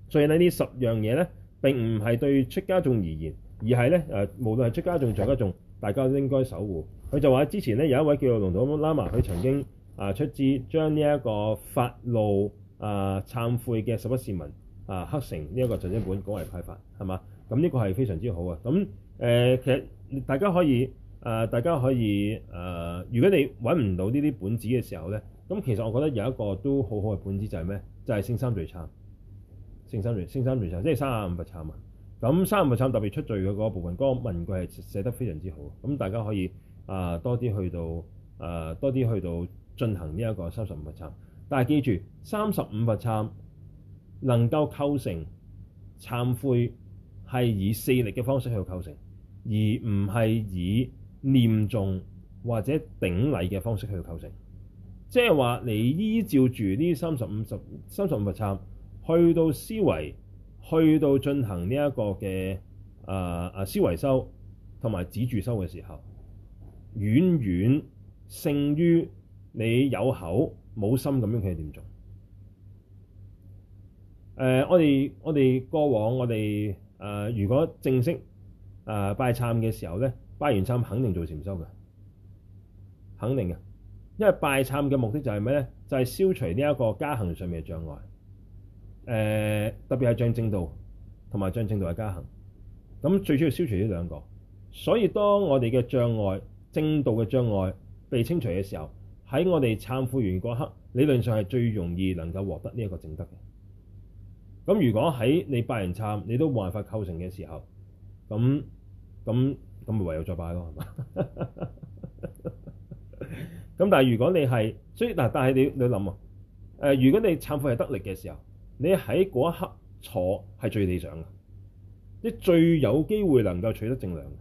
所以咧呢十樣嘢呢，並唔係對出家眾而言，而係呢，誒、呃、無論係出家眾、在家眾，大家都應該守護。佢就話之前咧有一位叫做隆睹喇嘛，佢曾經啊、呃、出資將呢一個發露啊，懺、呃、悔嘅十不善文啊刻成呢一個袖珍本，廣為派發係嘛？咁呢個係非常之好嘅。咁誒、呃，其實大家可以誒、呃，大家可以誒、呃，如果你揾唔到呢啲本子嘅時候咧，咁其實我覺得有一個都好好嘅本子就係咩？就係、是《聖三聚懺》《聖三聚》《聖三聚懺》，即係三十五佛懺啊。咁三五佛懺特別出罪嘅嗰部分，嗰、嗰個、文句係寫得非常之好。咁大家可以。啊！多啲去到，啊多啲去到進行呢一個三十五佛懺。但係記住，三十五佛懺能夠構成懺悔係以四力嘅方式去構成，而唔係以念重或者頂禮嘅方式去構成。即係話你依照住呢三十五十三十五佛懺去到思維，去到進行呢一個嘅啊啊思維修同埋止住修嘅時候。遠遠勝於你有口冇心咁樣，佢係點做？誒、呃，我哋我哋過往我哋誒、呃，如果正式誒、呃、拜懺嘅時候咧，拜完懺肯定做禪修嘅，肯定嘅，因為拜懺嘅目的就係咩咧？就係、是、消除呢一個加行上面嘅障礙。誒、呃，特別係障正道同埋障正道嘅加行，咁最主要消除呢兩個。所以當我哋嘅障礙。正道嘅障礙被清除嘅時候，喺我哋懺悔完嗰刻，理論上係最容易能夠獲得呢一個正德嘅。咁如果喺你拜完懺，你都冇辦法構成嘅時候，咁咁咁咪唯有再拜咯，係嘛？咁 但係如果你係，所以嗱，但係你你諗啊，誒、呃，如果你懺悔係得力嘅時候，你喺嗰一刻坐係最理想嘅，即最有機會能夠取得正量嘅，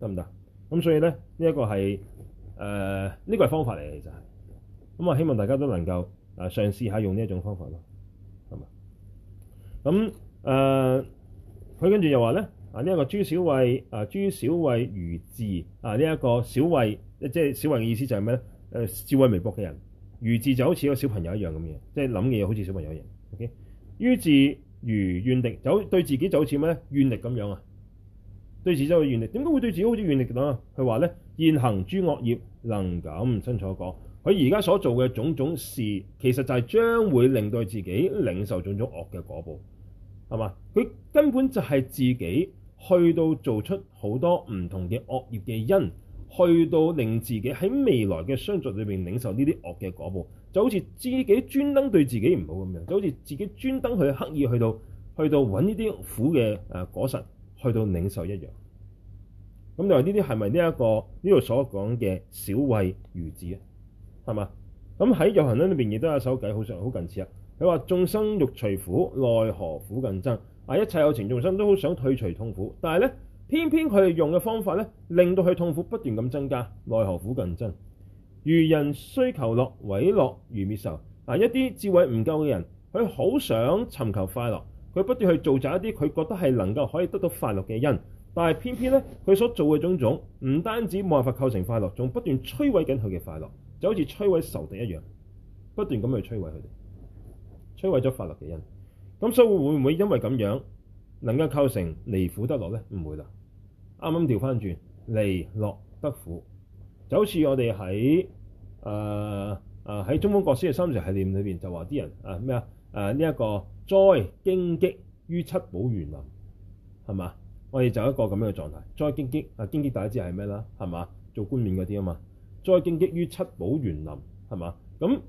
得唔得？咁所以咧，呢、這、一個係誒呢個係方法嚟嘅就係，咁啊希望大家都能夠誒、呃、嘗試下用呢一種方法咯，係咪？咁、嗯、誒，佢跟住又話咧啊呢一、這個朱小慧啊，朱小慧如智啊，呢一、這個小慧，即係小慧嘅意思就係咩咧？誒、啊、智慧微薄嘅人，如智就好似個小朋友一樣咁嘅，即係諗嘢好似小朋友一樣。OK，於智如怨力，就好對自己就好似咩咧，怨力咁樣啊？對自己嘅怨力，點解會對自己好似怨力嘅？佢話呢，現行諸惡業能咁清楚講，佢而家所做嘅種種事，其實就係將會令到自己領受種種惡嘅果報，係嘛？佢根本就係自己去到做出好多唔同嘅惡業嘅因，去到令自己喺未來嘅相續裏邊領受呢啲惡嘅果報，就好似自己專登對自己唔好咁樣，就好似自己專登去刻意去到去到揾呢啲苦嘅誒果實。去到領受一樣，咁就話呢啲係咪呢一個呢度所講嘅小慧愚子」？啊？係嘛？咁喺《入行論》裏邊亦都有首偈好上好近似啊。佢話：眾生欲除苦，奈何苦更增？啊！一切有情眾生都好想退除痛苦，但係呢，偏偏佢哋用嘅方法呢，令到佢痛苦不斷咁增加，奈何苦更增？愚人需求樂，毀樂如滅仇。嗱，一啲智慧唔夠嘅人，佢好想尋求快樂。佢不斷去做就一啲佢覺得係能夠可以得到快樂嘅因，但係偏偏咧佢所做嘅種種，唔單止冇辦法構成快樂，仲不斷摧毀緊佢嘅快樂，就好似摧毀仇敵一樣，不斷咁去摧毀佢哋，摧毀咗快樂嘅因。咁所以會唔會因為咁樣能夠構成離苦得樂咧？唔會啦。啱啱調翻轉，離樂得苦，就好似我哋喺誒誒喺中峰國師嘅三時繫念裏邊就話啲人誒咩啊？誒，呢一、啊，這個栽荊棘於七寶園林，係嘛？我哋就一個咁樣嘅狀態，栽荊棘啊，荊棘大家知係咩啦？係嘛？做冠冕嗰啲啊嘛。栽荊棘於七寶園林，係嘛？咁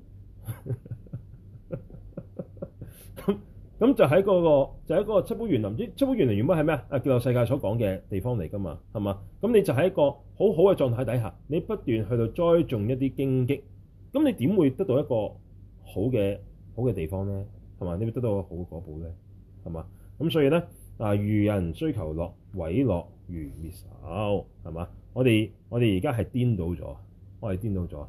咁咁就喺嗰個就喺，是個，就是，個七寶園林。七寶園林原本係咩啊？啊，叫做世界所講嘅地方嚟噶嘛？係嘛？咁你就喺一個好好嘅狀態底下，你不斷去到栽種一啲荊棘，咁你點會得到一個好嘅？好嘅地方咧，同埋你會得到個好嘅果報咧，係嘛？咁所以咧，嗱，愚人追求樂，毀樂如滅仇，係嘛？我哋我哋而家係顛倒咗，我哋顛倒咗。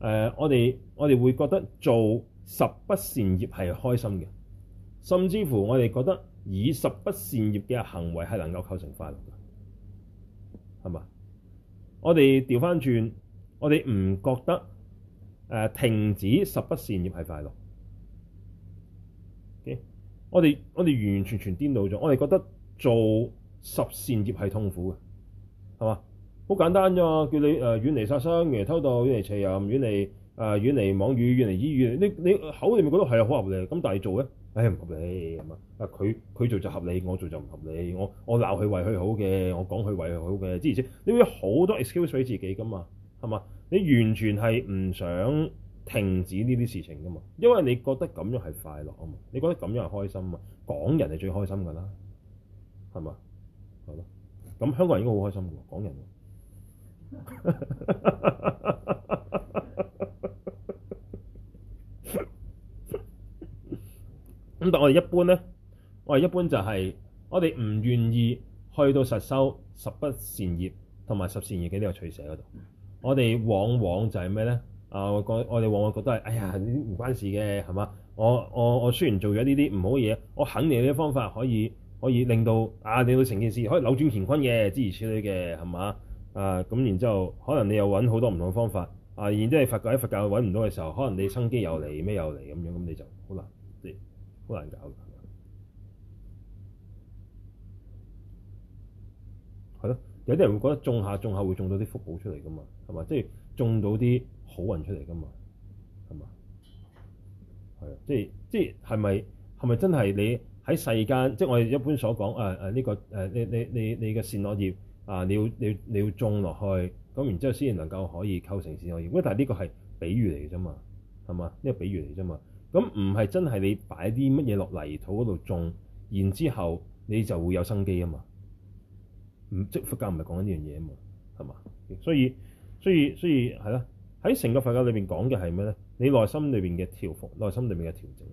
誒，我哋、呃、我哋會覺得做十不善業係開心嘅，甚至乎我哋覺得以十不善業嘅行為係能夠構成快樂嘅，係嘛？我哋調翻轉，我哋唔覺得誒、呃、停止十不善業係快樂。我哋我哋完完全全顛倒咗，我哋覺得做十善業係痛苦嘅，係嘛？好簡單啫，叫你誒、呃、遠離殺生，嘅，偷盜、遠離邪淫、呃，遠離誒遠離妄語，遠離綺語。你你口入面覺得係啊，好合理咁，但係做咧，唉唔合理係嘛？啊，佢佢做就合理，我做就唔合理。我我鬧佢為佢好嘅，我講佢為佢好嘅，之前且你會好多 excuse 俾自己噶嘛，係嘛？你完全係唔想。停止呢啲事情㗎嘛，因為你覺得咁樣係快樂啊嘛，你覺得咁樣係開心啊嘛，港人係最開心㗎啦，係嘛？係咯，咁香港人應該好開心㗎喎，港人。咁 但我哋一般咧，我哋一般就係我哋唔願意去到實修十不善業同埋十善業嗰呢嘅取捨嗰度，我哋往往就係咩咧？啊！我哋往往覺得係哎呀，呢啲唔關事嘅係嘛？我我我雖然做咗呢啲唔好嘢，我肯定有啲方法可以可以令到啊，你到成件事可以扭轉乾坤嘅，諸如此類嘅係嘛？啊咁，然之後可能你又揾好多唔同嘅方法啊，然之後你佛教喺佛教揾唔到嘅時候，可能你生機又嚟咩又嚟咁樣，咁你就好難即係好難搞嘅。係咯，有啲人會覺得種下種下會種到啲福報出嚟㗎嘛？係嘛？即係種到啲。好運出嚟㗎嘛，係嘛，係啊？即係即係，係咪係咪真係你喺世間？即係我哋一般所講誒誒呢個誒、啊，你你你你嘅善惡業啊，你要你要你要種落去，咁然之後先至能夠可以構成善惡業。喂，但係呢個係比喻嚟啫嘛，係嘛？呢個比喻嚟啫嘛？咁唔係真係你擺啲乜嘢落泥土嗰度種，然之後你就會有生機㗎嘛？唔即係佛教唔係講緊呢樣嘢啊嘛，係嘛？所以所以所以係啦。喺成個佛教裏邊講嘅係咩咧？你內心裏邊嘅調伏，內心裏面嘅調整，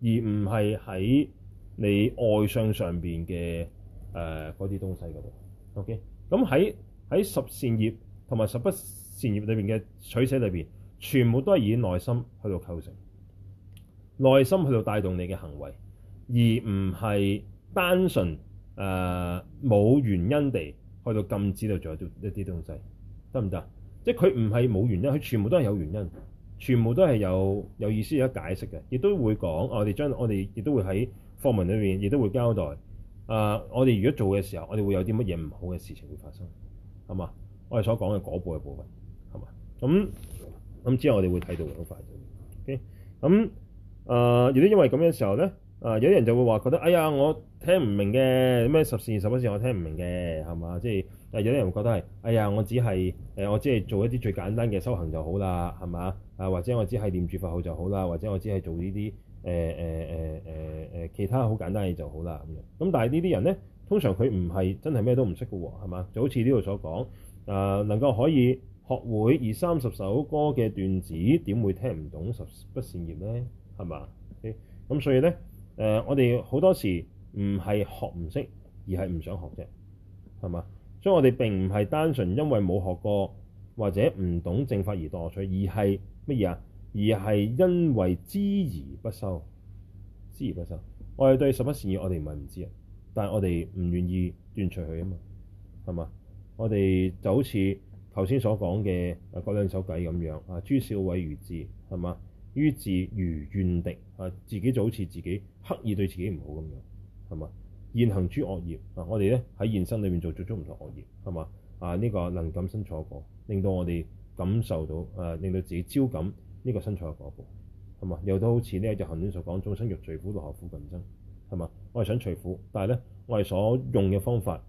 而唔係喺你外相上邊嘅誒嗰啲東西嗰度。OK，咁喺喺十善業同埋十不善業裏邊嘅取捨裏邊，全部都係以內心去到構成，內心去到帶動你嘅行為，而唔係單純誒冇、呃、原因地去到禁止到做一啲一啲東西，得唔得？即係佢唔係冇原因，佢全部都係有原因，全部都係有有意思有解釋嘅，亦都會講、啊。我哋將我哋亦都會喺課文裏邊，亦都會交代。誒、啊，我哋如果做嘅時候，我哋會有啲乜嘢唔好嘅事情會發生，係嘛？我哋所講嘅嗰部嘅部分，係嘛？咁咁之後我哋會睇到兩塊。OK，咁誒，如、啊、果因為咁嘅時候咧。啊！有啲人就會話覺得，哎呀，我聽唔明嘅咩十善十不善，我聽唔明嘅係嘛？即係誒有啲人會覺得係，哎呀，我只係誒、呃、我只係做一啲最簡單嘅修行就好啦，係嘛？啊或者我只係念住佛號就好啦，或者我只係做呢啲誒誒誒誒誒其他好簡單嘅就好啦咁樣。咁但係呢啲人咧，通常佢唔係真係咩都唔識嘅喎，係嘛？就好似呢度所講，誒、呃、能夠可以學會二三十首歌嘅段子，點會聽唔懂十不善業咧？係嘛？咁、okay? 所以咧。誒、呃，我哋好多時唔係學唔識，而係唔想學啫，係嘛？所以我哋並唔係單純因為冇學過或者唔懂正法而墮惡趣，而係乜嘢啊？而係因為知而不修。知而不修，我哋對十不善業，我哋唔係唔知啊，但係我哋唔願意斷除佢啊嘛，係嘛？我哋就好似頭先所講嘅嗰兩首偈咁樣啊，朱少偉如智，係嘛？於自如怨敵啊，自己就好似自己刻意對自己唔好咁樣，係嘛？現行諸惡業啊，我哋咧喺現生裏面做做咗唔同惡業，係嘛？啊呢、這個能感身錯過，令到我哋感受到誒、啊，令到自己招感呢個身錯過果，係嘛？又都好似呢一隻入行論所講，眾生欲除苦，奈何苦更增，係嘛？我係想除苦，但係咧我哋所用嘅方法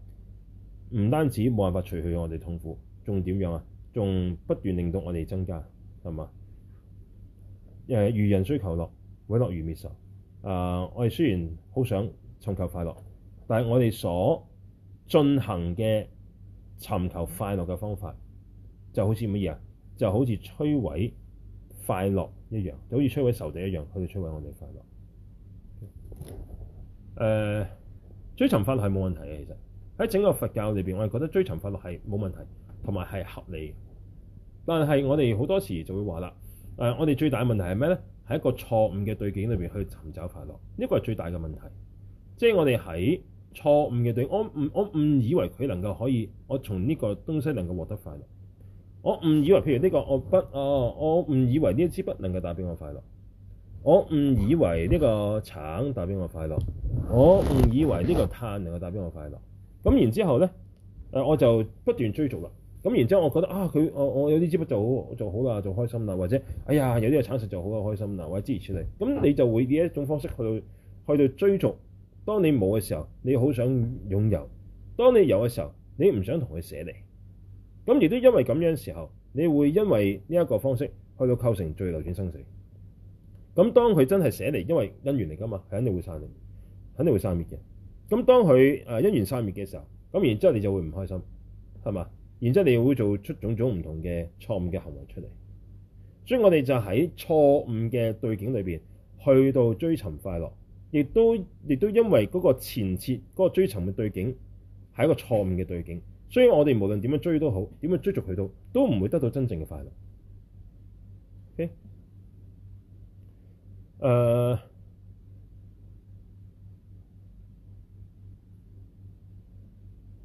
唔單止冇辦法除去我哋痛苦，仲點樣啊？仲不斷令到我哋增加，係嘛？誒愚人追求樂，毀樂如滅仇。誒、uh,，我哋雖然好想尋求快樂，但係我哋所進行嘅尋求快樂嘅方法，就好似乜嘢啊？就好似摧毀快樂一樣，就好似摧毀仇敵一樣，去摧毀我哋快樂。誒、uh,，追尋快樂係冇問題嘅，其實喺整個佛教裏邊，我哋覺得追尋快樂係冇問題，同埋係合理。但係我哋好多時就會話啦。誒、啊，我哋最大嘅問題係咩咧？係一個錯誤嘅對境裏邊去尋找快樂，呢、這個係最大嘅問題。即係我哋喺錯誤嘅對境，我誤我誤以為佢能夠可以，我從呢個東西能夠獲得快樂。我誤以為，譬如呢、這個我筆，哦，我誤以為呢一支筆能夠帶俾我快樂。我誤以為呢個橙帶俾我快樂。我誤以為呢個碳能夠帶俾我快樂。咁然之後咧，誒、啊、我就不斷追逐啦。咁然之後，我覺得啊，佢我我有啲資本就好就好啦，就開心啦。或者哎呀，有啲嘅產食就好啊，開心啦。或者支持出嚟咁，你就會以一種方式去到去到追逐。當你冇嘅時候，你好想擁有；當你有嘅時候，你唔想同佢捨離。咁亦都因為咁樣時候，你會因為呢一個方式去到構成最流轉生死。咁當佢真係捨離，因為因緣嚟㗎嘛，佢肯定會散離，肯定會散滅嘅。咁當佢誒因緣散滅嘅時候，咁然之後你就會唔開心，係嘛？然之後，你會做出種種唔同嘅錯誤嘅行為出嚟，那個，所以我哋就喺錯誤嘅對境裏邊去到追尋快樂，亦都亦都因為嗰個前設嗰個追尋嘅對境係一個錯誤嘅對境，所以我哋無論點樣追都好，點樣追逐佢都都唔會得到真正嘅快樂。誒、okay? uh,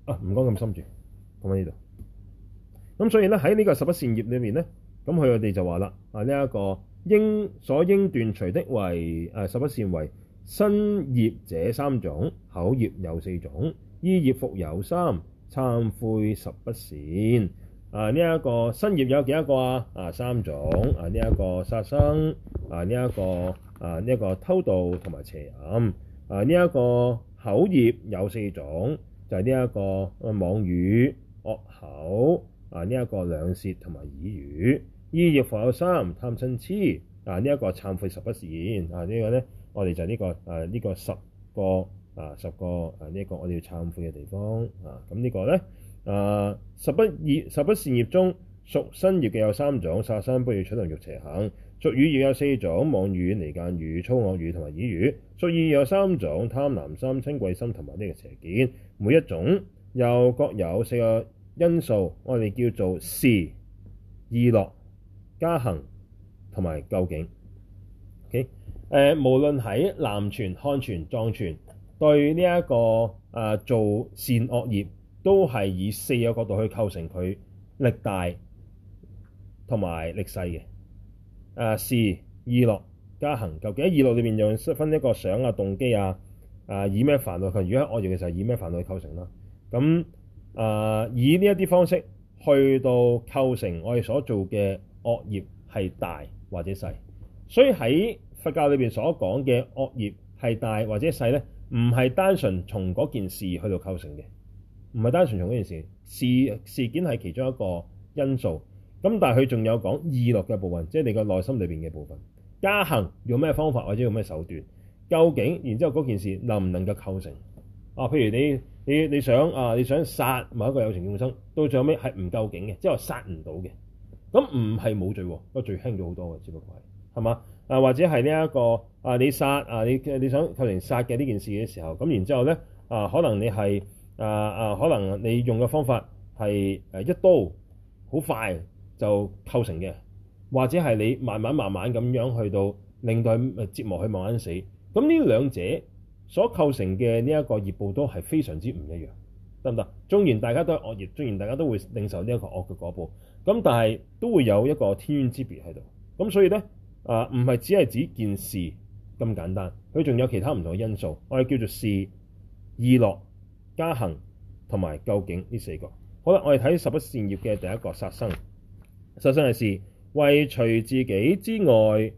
啊！唔講咁深住，講翻呢度。咁所以咧喺呢個十不善業裏面咧，咁佢哋就話啦：啊，呢一個應所應斷除的為誒、啊、十不善為身業者三種，口業有四種，意業復有三，懺悔十不善。啊，呢一個身業有幾多個啊？啊，三種啊，呢一個殺生啊，呢啊呢一個偷盜同埋邪淫啊，呢一個口業有四種，就係呢一個妄語、惡口。啊！呢、這、一個兩舌同埋綺語，意業復有三貪嗔痴。啊！呢、這、一個懺悔十不善。啊！呢、這個咧，我哋就呢個啊，呢、這個十個啊，十個啊，呢、這、一個我哋要懺悔嘅地方。啊！咁、這個、呢個咧啊，十不業十不善業中，屬身業嘅有三種：殺生、不與取、欲邪行；屬語業有四種：妄語、離間語、粗惡語同埋綺語。屬意業有三種：貪婪心、瞋恚心同埋呢個邪見。每一種又各有四個。因素我哋叫做事、意樂、加行同埋究竟。O K，誒無論喺南傳、漢傳、藏傳，對呢、這、一個誒、呃、做善惡業都係以四個角度去構成佢力大同埋力細嘅。誒、呃、事、意樂、加行、究竟喺意樂裏面，又分一個想啊、動機啊、誒、呃、以咩煩惱佢？如果喺惡業嘅時候，以咩煩惱去構成啦、啊？咁、嗯啊！以呢一啲方式去到構成我哋所做嘅惡業係大或者細，所以喺佛教裏邊所講嘅惡業係大或者細呢，唔係單純從嗰件事去到構成嘅，唔係單純從嗰件事，事事件係其中一個因素。咁但係佢仲有講意樂嘅部分，即係你個內心裏邊嘅部分，加行用咩方法或者用咩手段，究竟然之後嗰件事能唔能夠構成啊？譬如你。你你想啊，你想殺某一個有情眾生，到最後尾係唔夠勁嘅，即係話殺唔到嘅。咁唔係冇罪，不過罪輕咗好多嘅，只不過係係嘛？啊或者係呢一個啊，你殺，啊你你想構成殺嘅呢件事嘅時候，咁然之後咧，啊可能你係啊，啊可能你用嘅方法係誒，一刀好快就構成嘅，或者係你慢慢慢慢咁樣去到令到誒，折磨去慢慢死。咁呢兩者，所構成嘅呢一個業報都係非常之唔一樣，得唔得？縱然大家都惡業，縱然大家都會領受呢一個惡嘅果報，咁但係都會有一個天淵之別喺度。咁所以呢，啊、呃，唔係只係指件事咁簡單，佢仲有其他唔同嘅因素。我哋叫做事、意樂、加行同埋究竟呢四個。好啦，我哋睇十不善業嘅第一個殺生。殺生係事，為除自己之外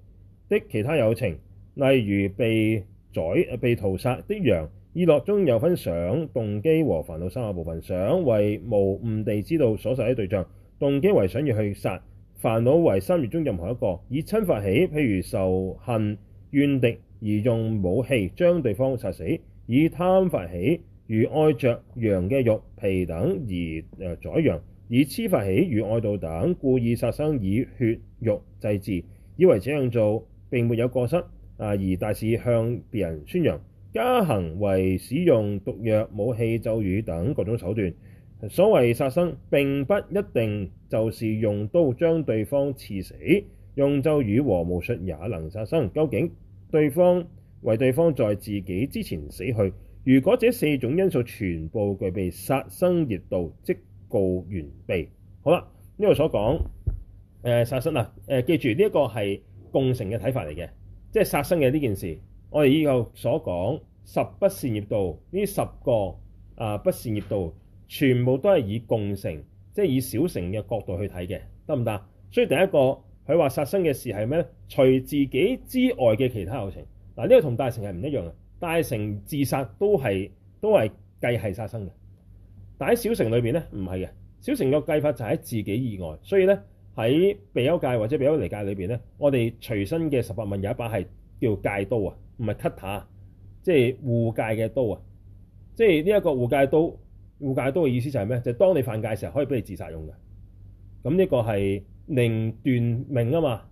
的其他有情，例如被宰被屠殺的羊，意樂中有分想、動機和煩惱三個部分。想為無誤地知道所殺的對象，動機為想要去殺，煩惱為三毒中任何一個。以瞋發起，譬如仇恨怨敵而用武器將對方殺死；以貪發起，如愛着羊嘅肉皮等而宰羊；以痴發起，如外道等故意殺生以血肉祭祀，以為這樣做並沒有過失。啊！而大肆向別人宣揚，加行為使用毒藥、武器、咒語等各種手段。所謂殺生，並不一定就是用刀將對方刺死，用咒語和巫術也能殺生。究竟對方為對方在自己之前死去，如果這四種因素全部具備殺生業道，即告完備。好啦，呢度所講誒、呃、殺生啊，誒、呃、記住呢一、這個係共成嘅睇法嚟嘅。即係殺生嘅呢件事，我哋以後所講十不善業道呢十個啊、呃、不善業道，全部都係以共乘，即係以小乘嘅角度去睇嘅，得唔得？所以第一個佢話殺生嘅事係咩咧？除自己之外嘅其他有情嗱，呢、啊這個同大乘係唔一樣嘅。大乘自殺都係都係計係殺生嘅，但喺小乘裏邊咧唔係嘅。小乘嘅計法就喺自己以外，所以咧。喺比丘戒或者比丘尼戒裏邊咧，我哋隨身嘅十八問有一把係叫戒刀啊，唔係 cutter 即係護戒嘅刀啊。即係呢一個護戒刀，護戒刀嘅意思就係咩？就係、是、當你犯戒嘅時候，可以俾你自殺用嘅。咁呢個係寧斷命啊嘛，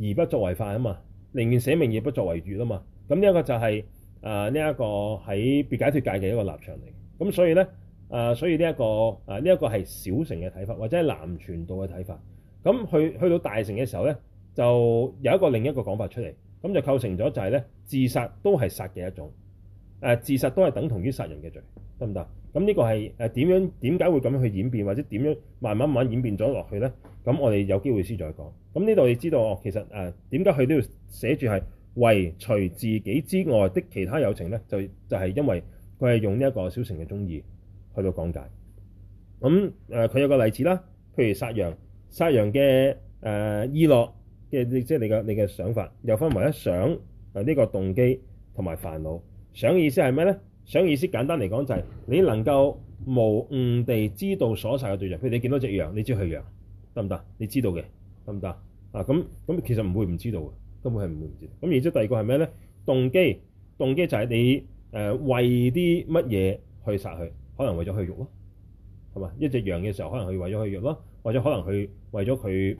而不作為犯啊嘛，寧願捨命而不作為絕啊嘛。咁呢一個就係啊呢一個喺別解脫戒嘅一個立場嚟。咁所以咧啊、呃，所以呢、這、一個啊呢一個係小乘嘅睇法，或者係南傳道嘅睇法。咁去去到大乘嘅時候呢，就有一個另一個講法出嚟，咁就構成咗就係呢：「自殺都係殺嘅一種，誒、呃、自殺都係等同於殺人嘅罪，得唔得？咁呢個係誒點樣點解會咁樣去演變，或者點樣慢慢慢演變咗落去呢？咁我哋有機會先再講。咁呢度你知道、哦、其實誒點解佢都要寫住係為除自己之外的其他有情呢？就就係、是、因為佢係用呢一個小乘嘅宗義去到講解。咁誒佢有個例子啦，譬如殺羊。殺羊嘅誒、呃、意樂嘅，即係你嘅你嘅想法，又分為一想啊，呢、這個動機同埋煩惱。想嘅意思係咩咧？想嘅意思簡單嚟講就係你能夠無誤地知道所殺嘅對象，譬如你見到隻羊，你知係羊，得唔得？你知道嘅，得唔得？啊，咁咁其實唔會唔知道嘅，根本係唔會唔知道。咁然後第二個係咩咧？動機，動機就係你誒、呃、為啲乜嘢去殺佢，可能為咗去肉咯。係嘛？一隻羊嘅時候，可能佢為咗佢肉咯，或者可能佢為咗佢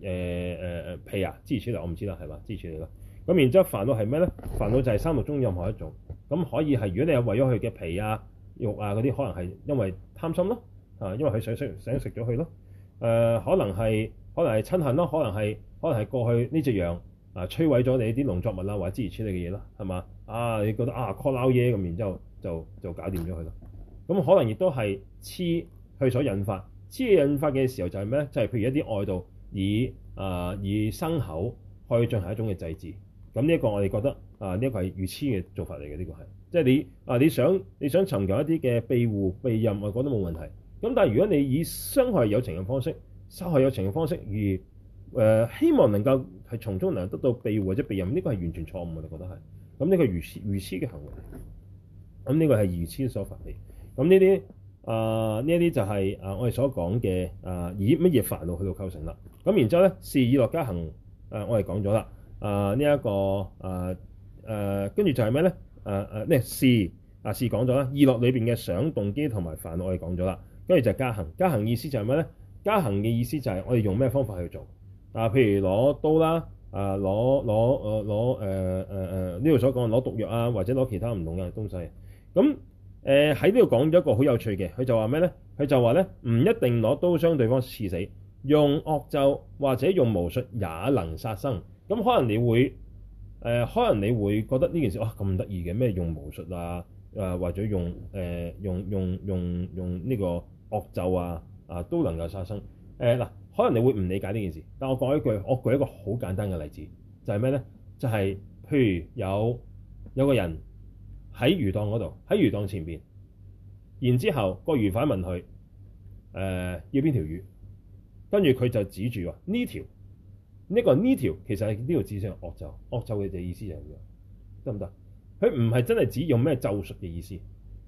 誒誒皮啊，諸如此類啦，我唔知啦，係嘛，諸如此類咯。咁然之後煩惱係咩咧？煩惱就係三毒中任何一種。咁可以係如果你係為咗佢嘅皮啊肉啊嗰啲，可能係因為貪心咯，啊因為佢想食想食咗佢咯。誒可能係可能係瞋恨咯，可能係可能係過去呢隻羊啊摧毀咗你啲農作物啊或者諸如此類嘅嘢啦，係嘛？啊你覺得啊 call 嘢咁，然之後就就，就搞掂咗佢啦。咁可能亦都係癡去所引發癡引發嘅時候就係咩咧？就係、是、譬如一啲外道以啊、呃、以牲口去進行一種嘅祭祀。咁呢一個我哋覺得啊，呢、呃、一、這個係愚癡嘅做法嚟嘅。呢、這個係即係你啊、呃，你想你想尋求一啲嘅庇護庇蔭，我覺得冇問題。咁但係如果你以傷害有情嘅方式、傷害有情嘅方式而誒、呃，希望能夠係從中能得到庇護或者庇蔭，呢、這個係完全錯誤嘅。我覺得係咁呢個愚癡愚癡嘅行為。咁呢個係愚癡所發嚟。咁呢啲啊，呢一啲就係啊，我哋所講嘅啊，以乜嘢煩惱去到構成啦？咁然之後咧，事、意樂、加行，誒、呃、我哋講咗啦，誒、呃、呢一個誒誒，跟、呃、住就係咩咧？誒誒咩？事啊事以講咗啦，意樂裏邊嘅想動機同埋煩惱我哋講咗啦，跟住就加行，加行意思就係咩咧？加行嘅意思就係我哋用咩方法去做？啊、呃，譬如攞刀啦，啊攞攞攞攞誒誒誒呢度所講攞毒藥啊，或者攞其他唔同嘅東西咁。嗯嗯嗯誒喺呢度講咗一個好有趣嘅，佢就話咩呢？佢就話呢唔一定攞刀將對方刺死，用惡咒或者用巫術也能殺生。咁、嗯、可能你會誒、呃，可能你會覺得呢件事哇咁得意嘅咩？啊、用巫術啊，誒、啊、或者用誒、呃、用用用用呢個惡咒啊啊都能夠殺生。誒、呃、嗱，可能你會唔理解呢件事，但我講一句，我舉一個好簡單嘅例子，就係、是、咩呢？就係、是、譬如有有個人。喺魚檔嗰度，喺魚檔前邊，然之後個魚販問佢：誒、呃、要邊條魚？跟住佢就指住話呢條呢個呢條，其實係呢條指聲惡咒惡咒嘅就意思就係咁樣，得唔得？佢唔係真係指用咩咒術嘅意思，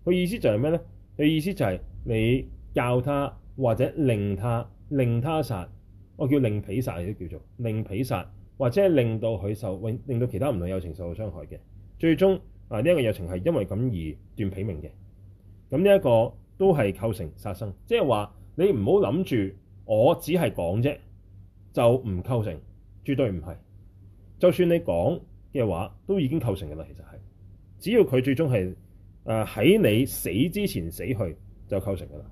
佢意思就係咩咧？佢意思就係你教他或者令他令他殺，我叫令彼殺亦都叫做令彼殺，或者係令到佢受，令令到其他唔同有情受到傷害嘅，最終。啊！呢、這、一個有情係因為咁而斷彼命嘅，咁呢一個都係構成殺生，即係話你唔好諗住我只係講啫，就唔構成，絕對唔係。就算你講嘅話，都已經構成噶啦，其實係、就是，只要佢最終係誒喺你死之前死去，就構成噶啦，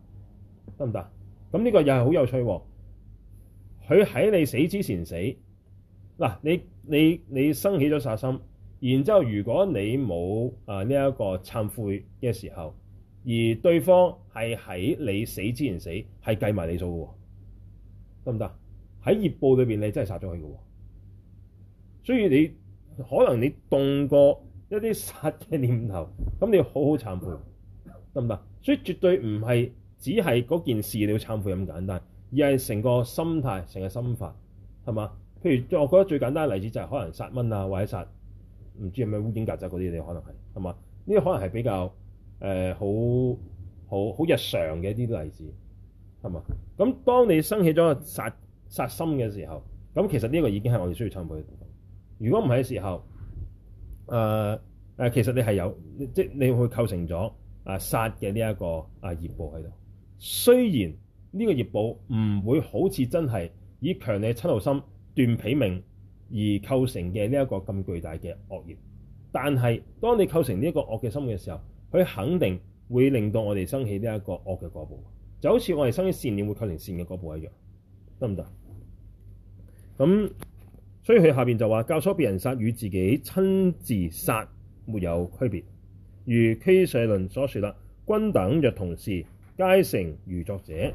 得唔得？咁呢個又係好有趣、啊，佢喺你死之前死，嗱、啊、你你你生起咗殺心。然之後，如果你冇啊呢一個懺悔嘅時候，而對方係喺你死之前死，係計埋你數嘅喎，得唔得？喺業報裏邊，你真係殺咗佢嘅喎。所以你可能你動過一啲殺嘅念頭，咁你要好好懺悔，得唔得？所以絕對唔係只係嗰件事你要懺悔咁簡單，而係成個心態，成個心法係嘛？譬如我覺得最簡單嘅例子就係可能殺蚊啊，或者殺。唔知係咩烏蠅曱甴嗰啲，你可能係，係嘛？呢啲可能係比較誒、呃、好好好日常嘅一啲例子，係嘛？咁當你生起咗殺殺心嘅時候，咁其實呢一個已經係我哋需要參悟嘅地方。如果唔係嘅時候，誒、呃、誒、呃，其實你係有，即係你會構成咗誒殺嘅呢一個誒、啊、業報喺度。雖然呢個業報唔會好似真係以強烈七厚心斷彼命。而構成嘅呢一個咁巨大嘅惡業，但係當你構成呢一個惡嘅心嘅時候，佢肯定會令到我哋生起呢一個惡嘅果報，就好似我哋生起善念會構成善嘅果報一樣，得唔得？咁所以佢下邊就話教唆別人殺與自己親自殺沒有區別，如俱舍論所說啦，軍等若同事，皆成如作者，誒、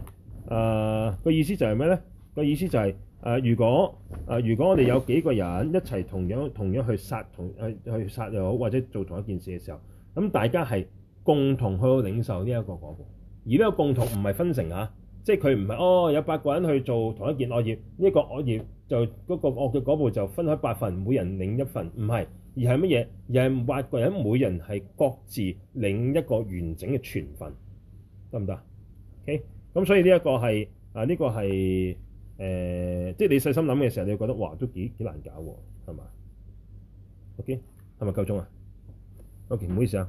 呃、個意思就係咩呢？個意思就係、是。誒、啊、如果誒、啊、如果我哋有幾個人一齊同樣同樣去殺同誒去殺又好，或者做同一件事嘅時候，咁大家係共同去領受呢一個果報，而呢個共同唔係分成啊，即係佢唔係哦有八個人去做同一件惡業，呢、這個惡業就嗰、那個惡嘅果報就分開八份，每人領一份，唔係，而係乜嘢？而係八個人每人係各自領一個完整嘅全份，得唔得？OK，咁所以呢一個係啊呢、這個係。誒、呃、即係你細心諗嘅時候，你會覺得哇，都幾幾難搞喎，係嘛？OK，係咪夠鐘啊？OK，唔好意思啊。